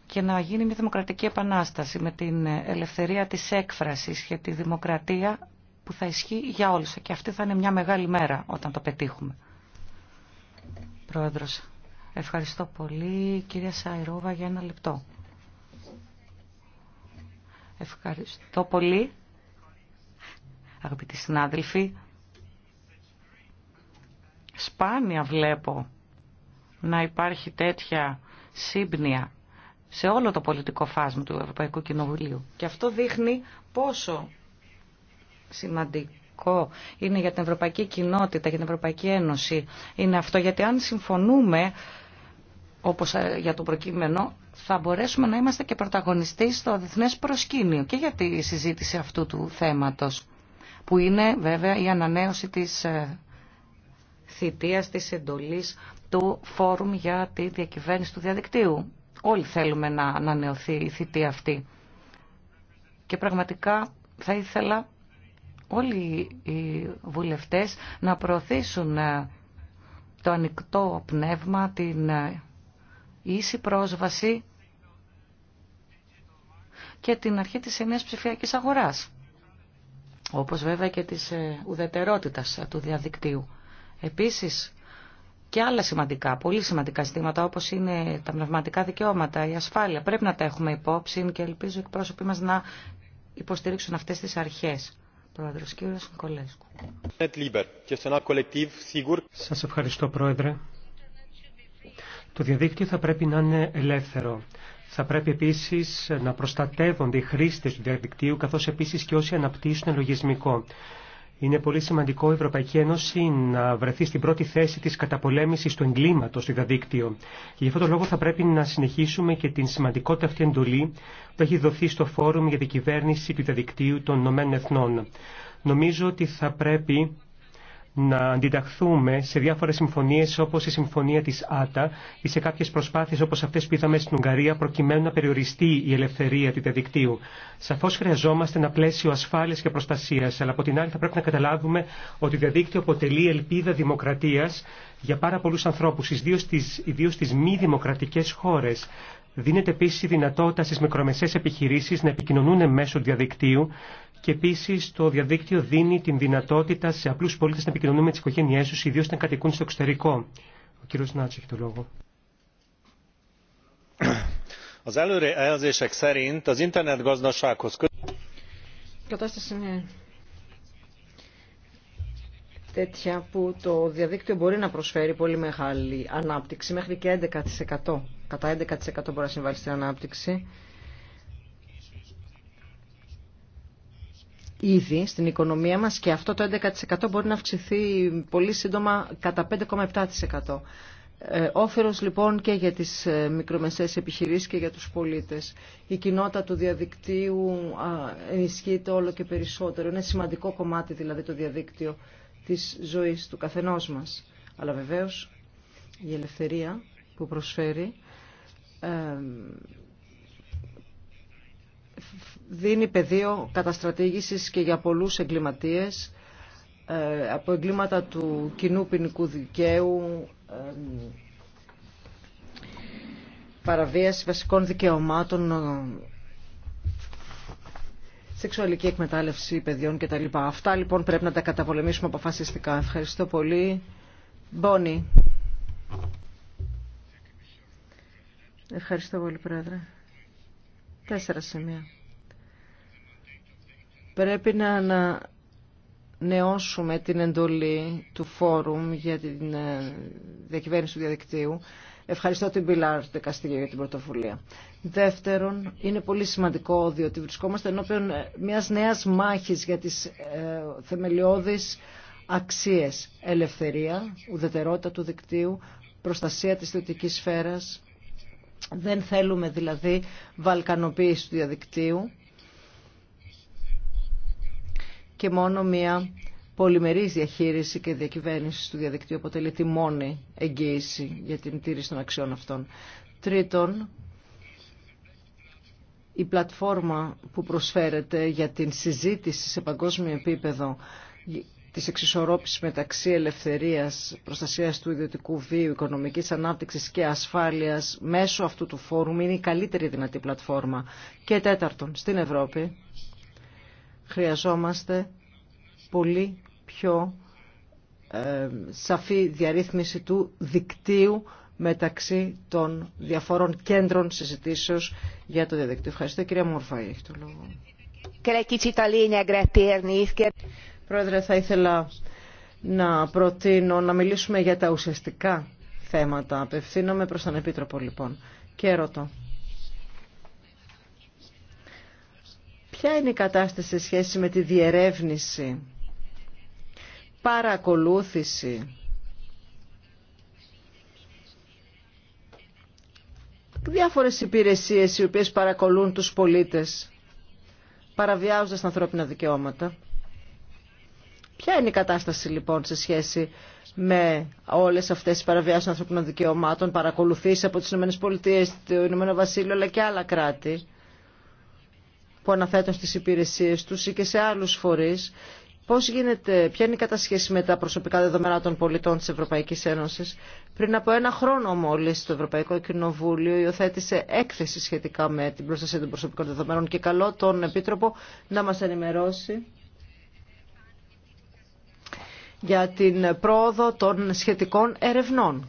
και να γίνει μια δημοκρατική επανάσταση με την ελευθερία της έκφρασης και τη δημοκρατία που θα ισχύει για όλους. Και αυτή θα είναι μια μεγάλη μέρα όταν το πετύχουμε. Πρόεδρος, ευχαριστώ πολύ. Κυρία Σαϊρόβα για ένα λεπτό. Ευχαριστώ πολύ. Αγαπητοί συνάδελφοι, Σπάνια βλέπω να υπάρχει τέτοια σύμπνια σε όλο το πολιτικό φάσμα του Ευρωπαϊκού Κοινοβουλίου. Και αυτό δείχνει πόσο σημαντικό είναι για την Ευρωπαϊκή Κοινότητα, για την Ευρωπαϊκή Ένωση. Είναι αυτό γιατί αν συμφωνούμε, όπως ε, για το προκείμενο, θα μπορέσουμε να είμαστε και πρωταγωνιστές στο διεθνές προσκήνιο και για τη συζήτηση αυτού του θέματος, που είναι βέβαια η ανανέωση της ε, θητείας της εντολής του Φόρουμ για τη διακυβέρνηση του διαδικτύου. Όλοι θέλουμε να ανανεωθεί η θητεία αυτή. Και πραγματικά θα ήθελα όλοι οι βουλευτές να προωθήσουν ε, το ανοιχτό πνεύμα, την ε, ίση πρόσβαση και την αρχή της ενιαίας ψηφιακής αγοράς, όπως βέβαια και της ε, ουδετερότητας του διαδικτύου. Επίσης, και άλλα σημαντικά, πολύ σημαντικά ζητήματα όπως είναι τα πνευματικά δικαιώματα, η ασφάλεια. Πρέπει να τα έχουμε υπόψη και ελπίζω οι εκπρόσωποι μας να υποστηρίξουν αυτές τις αρχές. Πρόεδρος κύριος Νικολέσκου. Σας ευχαριστώ πρόεδρε. Το διαδίκτυο θα πρέπει να είναι ελεύθερο. Θα πρέπει επίση να προστατεύονται οι χρήστε του διαδικτύου, καθώ επίση και όσοι αναπτύσσουν λογισμικό. Είναι πολύ σημαντικό η Ευρωπαϊκή Ένωση να βρεθεί στην πρώτη θέση της καταπολέμησης του εγκλήματος στο διαδίκτυο. Και γι' αυτόν τον λόγο θα πρέπει να συνεχίσουμε και την σημαντικότητα αυτή εντολή που έχει δοθεί στο Φόρουμ για την Κυβέρνηση του Διαδικτύου των Ηνωμένων Εθνών. Νομίζω ότι θα πρέπει να αντιταχθούμε σε διάφορες συμφωνίες όπως η συμφωνία της ΆΤΑ ή σε κάποιες προσπάθειες όπως αυτές που είδαμε στην Ουγγαρία προκειμένου να περιοριστεί η ελευθερία του διαδικτύου. Σαφώς χρειαζόμαστε ένα πλαίσιο ασφάλειας και προστασίας, αλλά από την άλλη θα πρέπει να καταλάβουμε ότι το διαδίκτυο αποτελεί ελπίδα δημοκρατίας για πάρα πολλούς ανθρώπους, ιδίως στις, ιδίως στις μη δημοκρατικές χώρες. Δίνεται επίση δυνατότητα στι μικρομεσαίες επιχειρήσει να επικοινωνούν μέσω διαδικτύου και επίση το διαδίκτυο δίνει την δυνατότητα σε απλού πολίτε να επικοινωνούν με τι οικογένειέ του, ιδίω όταν κατοικούν στο εξωτερικό. Ο κύριο Νάτσο έχει το λόγο. Η κατάσταση είναι τέτοια που το διαδίκτυο μπορεί να προσφέρει πολύ μεγάλη ανάπτυξη, μέχρι και 11%. Κατά 11% μπορεί να συμβάλλει στην ανάπτυξη. Ήδη στην οικονομία μας και αυτό το 11% μπορεί να αυξηθεί πολύ σύντομα κατά 5,7%. Ε, όφερος λοιπόν και για τις ε, μικρομεσαίες επιχειρήσεις και για τους πολίτες. Η κοινότητα του διαδικτύου ενισχύεται όλο και περισσότερο. Είναι σημαντικό κομμάτι δηλαδή το διαδίκτυο της ζωής του καθενός μας. Αλλά βεβαίως η ελευθερία που προσφέρει δίνει πεδίο καταστρατήγησης και για πολλούς εγκληματίες ε, από εγκλήματα του κοινού ποινικού δικαίου, παραβίαση βασικών δικαιωμάτων σεξουαλική εκμετάλλευση παιδιών κτλ. Αυτά λοιπόν πρέπει να τα καταπολεμήσουμε αποφασιστικά. Ευχαριστώ πολύ. Μπόνι. Ευχαριστώ πολύ, Πρόεδρε. Τέσσερα σημεία. Πρέπει να ανανεώσουμε την εντολή του φόρουμ για την ε, διακυβέρνηση του διαδικτύου Ευχαριστώ την Πιλάρ Καστίγια για την πρωτοβουλία. Δεύτερον, είναι πολύ σημαντικό διότι βρισκόμαστε ενώπιον ε, μιας νέας μάχης για τις ε, θεμελιώδεις αξίες. Ελευθερία, ουδετερότητα του δικτύου, προστασία της θετικής σφαίρας. Δεν θέλουμε δηλαδή βαλκανοποίηση του διαδικτύου και μόνο μια Πολυμερή διαχείριση και διακυβέρνηση του διαδικτύου αποτελεί τη μόνη εγγύηση για την τήρηση των αξιών αυτών. Τρίτον, η πλατφόρμα που προσφέρεται για την συζήτηση σε παγκόσμιο επίπεδο της εξισορρόπησης μεταξύ ελευθερίας, προστασίας του ιδιωτικού βίου, οικονομικής ανάπτυξης και ασφάλειας μέσω αυτού του φόρουμ είναι η καλύτερη δυνατή πλατφόρμα. Και τέταρτον, στην Ευρώπη χρειαζόμαστε πολύ πιο ε, σαφή διαρρύθμιση του δικτύου μεταξύ των διαφορών κέντρων συζητήσεως για το διαδικτύο. Ευχαριστώ. Κυρία Μορφάη, έχει το λόγο. Πρόεδρε, θα ήθελα να προτείνω να μιλήσουμε για τα ουσιαστικά θέματα. Απευθύνομαι προς τον Επίτροπο, λοιπόν. Και ρωτώ. Ποια είναι η κατάσταση σε σχέση με τη διερεύνηση παρακολούθηση. Διάφορες υπηρεσίες οι οποίες παρακολούν τους πολίτες παραβιάζοντας τα ανθρώπινα δικαιώματα. Ποια είναι η κατάσταση λοιπόν σε σχέση με όλες αυτές τις παραβιάσεις των ανθρώπινων δικαιωμάτων, παρακολουθήσει από τις ΗΠΑ, το Ηνωμένο Βασίλειο αλλά και άλλα κράτη που αναθέτουν στις υπηρεσίες τους ή και σε άλλους φορείς Πώς γίνεται, ποια είναι η κατασχέση με τα προσωπικά δεδομένα των πολιτών της Ευρωπαϊκής Ένωσης. Πριν από ένα χρόνο μόλις το Ευρωπαϊκό Κοινοβούλιο υιοθέτησε έκθεση σχετικά με την προστασία των προσωπικών δεδομένων και καλό τον Επίτροπο να μας ενημερώσει για την πρόοδο των σχετικών ερευνών.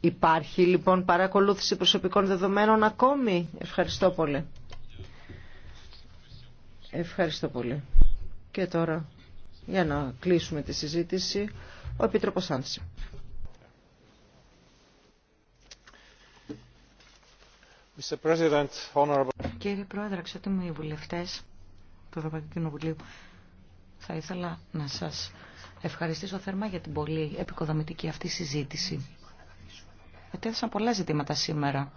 Υπάρχει λοιπόν παρακολούθηση προσωπικών δεδομένων ακόμη. Ευχαριστώ πολύ. Ευχαριστώ πολύ. Και τώρα, για να κλείσουμε τη συζήτηση, ο Επίτροπος Άνση. Κύριε Πρόεδρε, οι βουλευτές του Ευρωπαϊκού Κοινοβουλίου, θα ήθελα να σας ευχαριστήσω θερμά για την πολύ επικοδομητική αυτή συζήτηση. Ετέθησαν πολλά ζητήματα σήμερα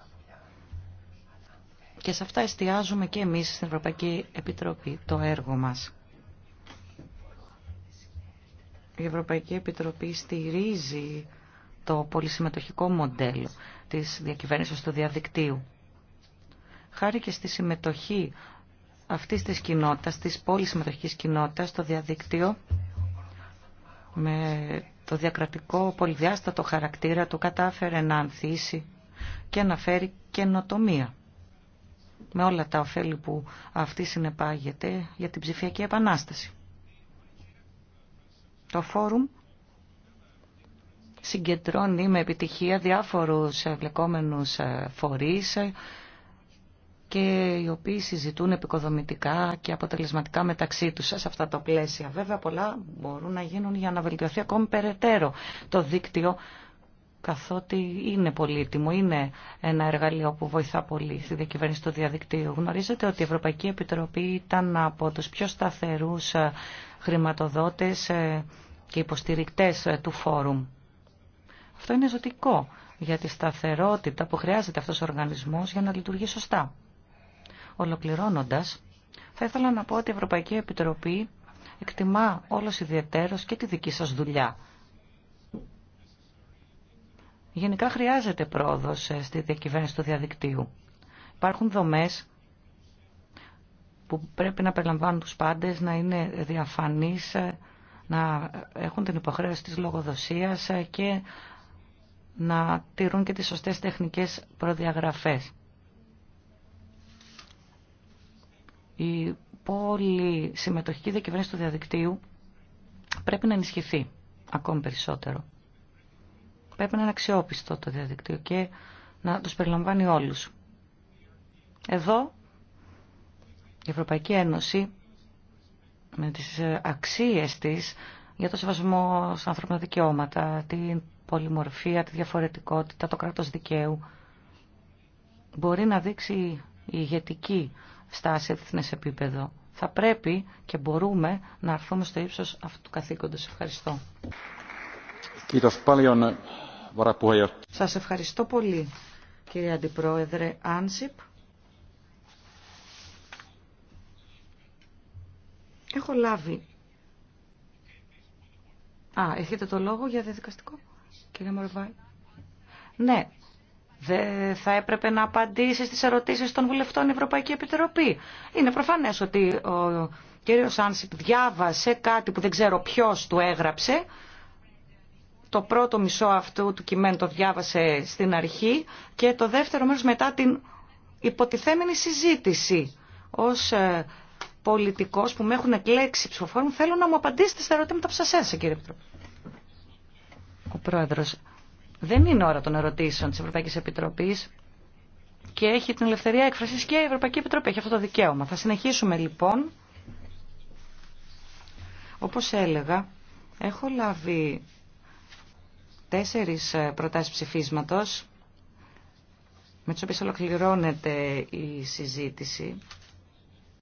και σε αυτά εστιάζουμε και εμείς στην Ευρωπαϊκή Επιτροπή το έργο μας. Η Ευρωπαϊκή Επιτροπή στηρίζει το πολυσυμμετοχικό μοντέλο της διακυβέρνησης του διαδικτύου. Χάρη και στη συμμετοχή αυτής της κοινότητας, της πολυσυμμετοχικής κοινότητας στο διαδικτύο, με το διακρατικό πολυδιάστατο χαρακτήρα του κατάφερε να ανθίσει και να φέρει καινοτομία με όλα τα ωφέλη που αυτή συνεπάγεται για την ψηφιακή επανάσταση. Το φόρουμ συγκεντρώνει με επιτυχία διάφορους ευλεκόμενους ε, φορείς ε, και οι οποίοι συζητούν επικοδομητικά και αποτελεσματικά μεταξύ τους σε αυτά τα πλαίσια. Βέβαια πολλά μπορούν να γίνουν για να βελτιωθεί ακόμη περαιτέρω το δίκτυο καθότι είναι πολύτιμο, είναι ένα εργαλείο που βοηθά πολύ στη διακυβέρνηση του διαδικτύου. Γνωρίζετε ότι η Ευρωπαϊκή Επιτροπή ήταν από τους πιο σταθερούς ε, χρηματοδότες ε, και υποστηρικτές ε, του φόρουμ. Αυτό είναι ζωτικό για τη σταθερότητα που χρειάζεται αυτός ο οργανισμός για να λειτουργεί σωστά. Ολοκληρώνοντας, θα ήθελα να πω ότι η Ευρωπαϊκή Επιτροπή εκτιμά όλος ιδιαίτερος και τη δική σας δουλειά Γενικά χρειάζεται πρόοδος ε, στη διακυβέρνηση του διαδικτύου. Υπάρχουν δομές που πρέπει να περιλαμβάνουν τους πάντες, να είναι διαφανείς, ε, να έχουν την υποχρέωση της λογοδοσίας ε, και να τηρούν και τις σωστές τεχνικές προδιαγραφές. Η πόλη συμμετοχική διακυβέρνηση του διαδικτύου πρέπει να ενισχυθεί ακόμη περισσότερο. Πρέπει να είναι αξιόπιστο το διαδικτύο και να τους περιλαμβάνει όλους. Εδώ η Ευρωπαϊκή Ένωση με τις αξίες της για το σεβασμό στα ανθρώπινα δικαιώματα, την πολυμορφία, τη διαφορετικότητα, το κράτος δικαίου, μπορεί να δείξει η ηγετική στάση εθνές επίπεδο. Θα πρέπει και μπορούμε να αρθούμε στο ύψος αυτού του καθήκοντος. Ευχαριστώ. Σας ευχαριστώ πολύ, κύριε Αντιπρόεδρε Άνσιπ. Έχω λάβει. Α, έχετε το λόγο για διαδικαστικό, κύριε Μορβάη. Ναι, δεν θα έπρεπε να απαντήσει στις ερωτήσεις των βουλευτών Ευρωπαϊκή Επιτροπή. Είναι προφανές ότι ο κύριος Άνσιπ διάβασε κάτι που δεν ξέρω ποιος του έγραψε το πρώτο μισό αυτού του κειμένου το διάβασε στην αρχή και το δεύτερο μέρος μετά την υποτιθέμενη συζήτηση. Ως ε, πολιτικός που με έχουν εκλέξει μου θέλω να μου απαντήσετε στα ερωτήματα που σας έσαι κύριε Επιτροπή. Ο Πρόεδρος, δεν είναι ώρα των ερωτήσεων της Ευρωπαϊκής Επιτροπής και έχει την ελευθερία έκφρασης και η Ευρωπαϊκή Επιτροπή έχει αυτό το δικαίωμα. Θα συνεχίσουμε λοιπόν. Όπως έλεγα, έχω λάβει τέσσερις ε, προτάσεις ψηφίσματος με τις οποίες ολοκληρώνεται η συζήτηση.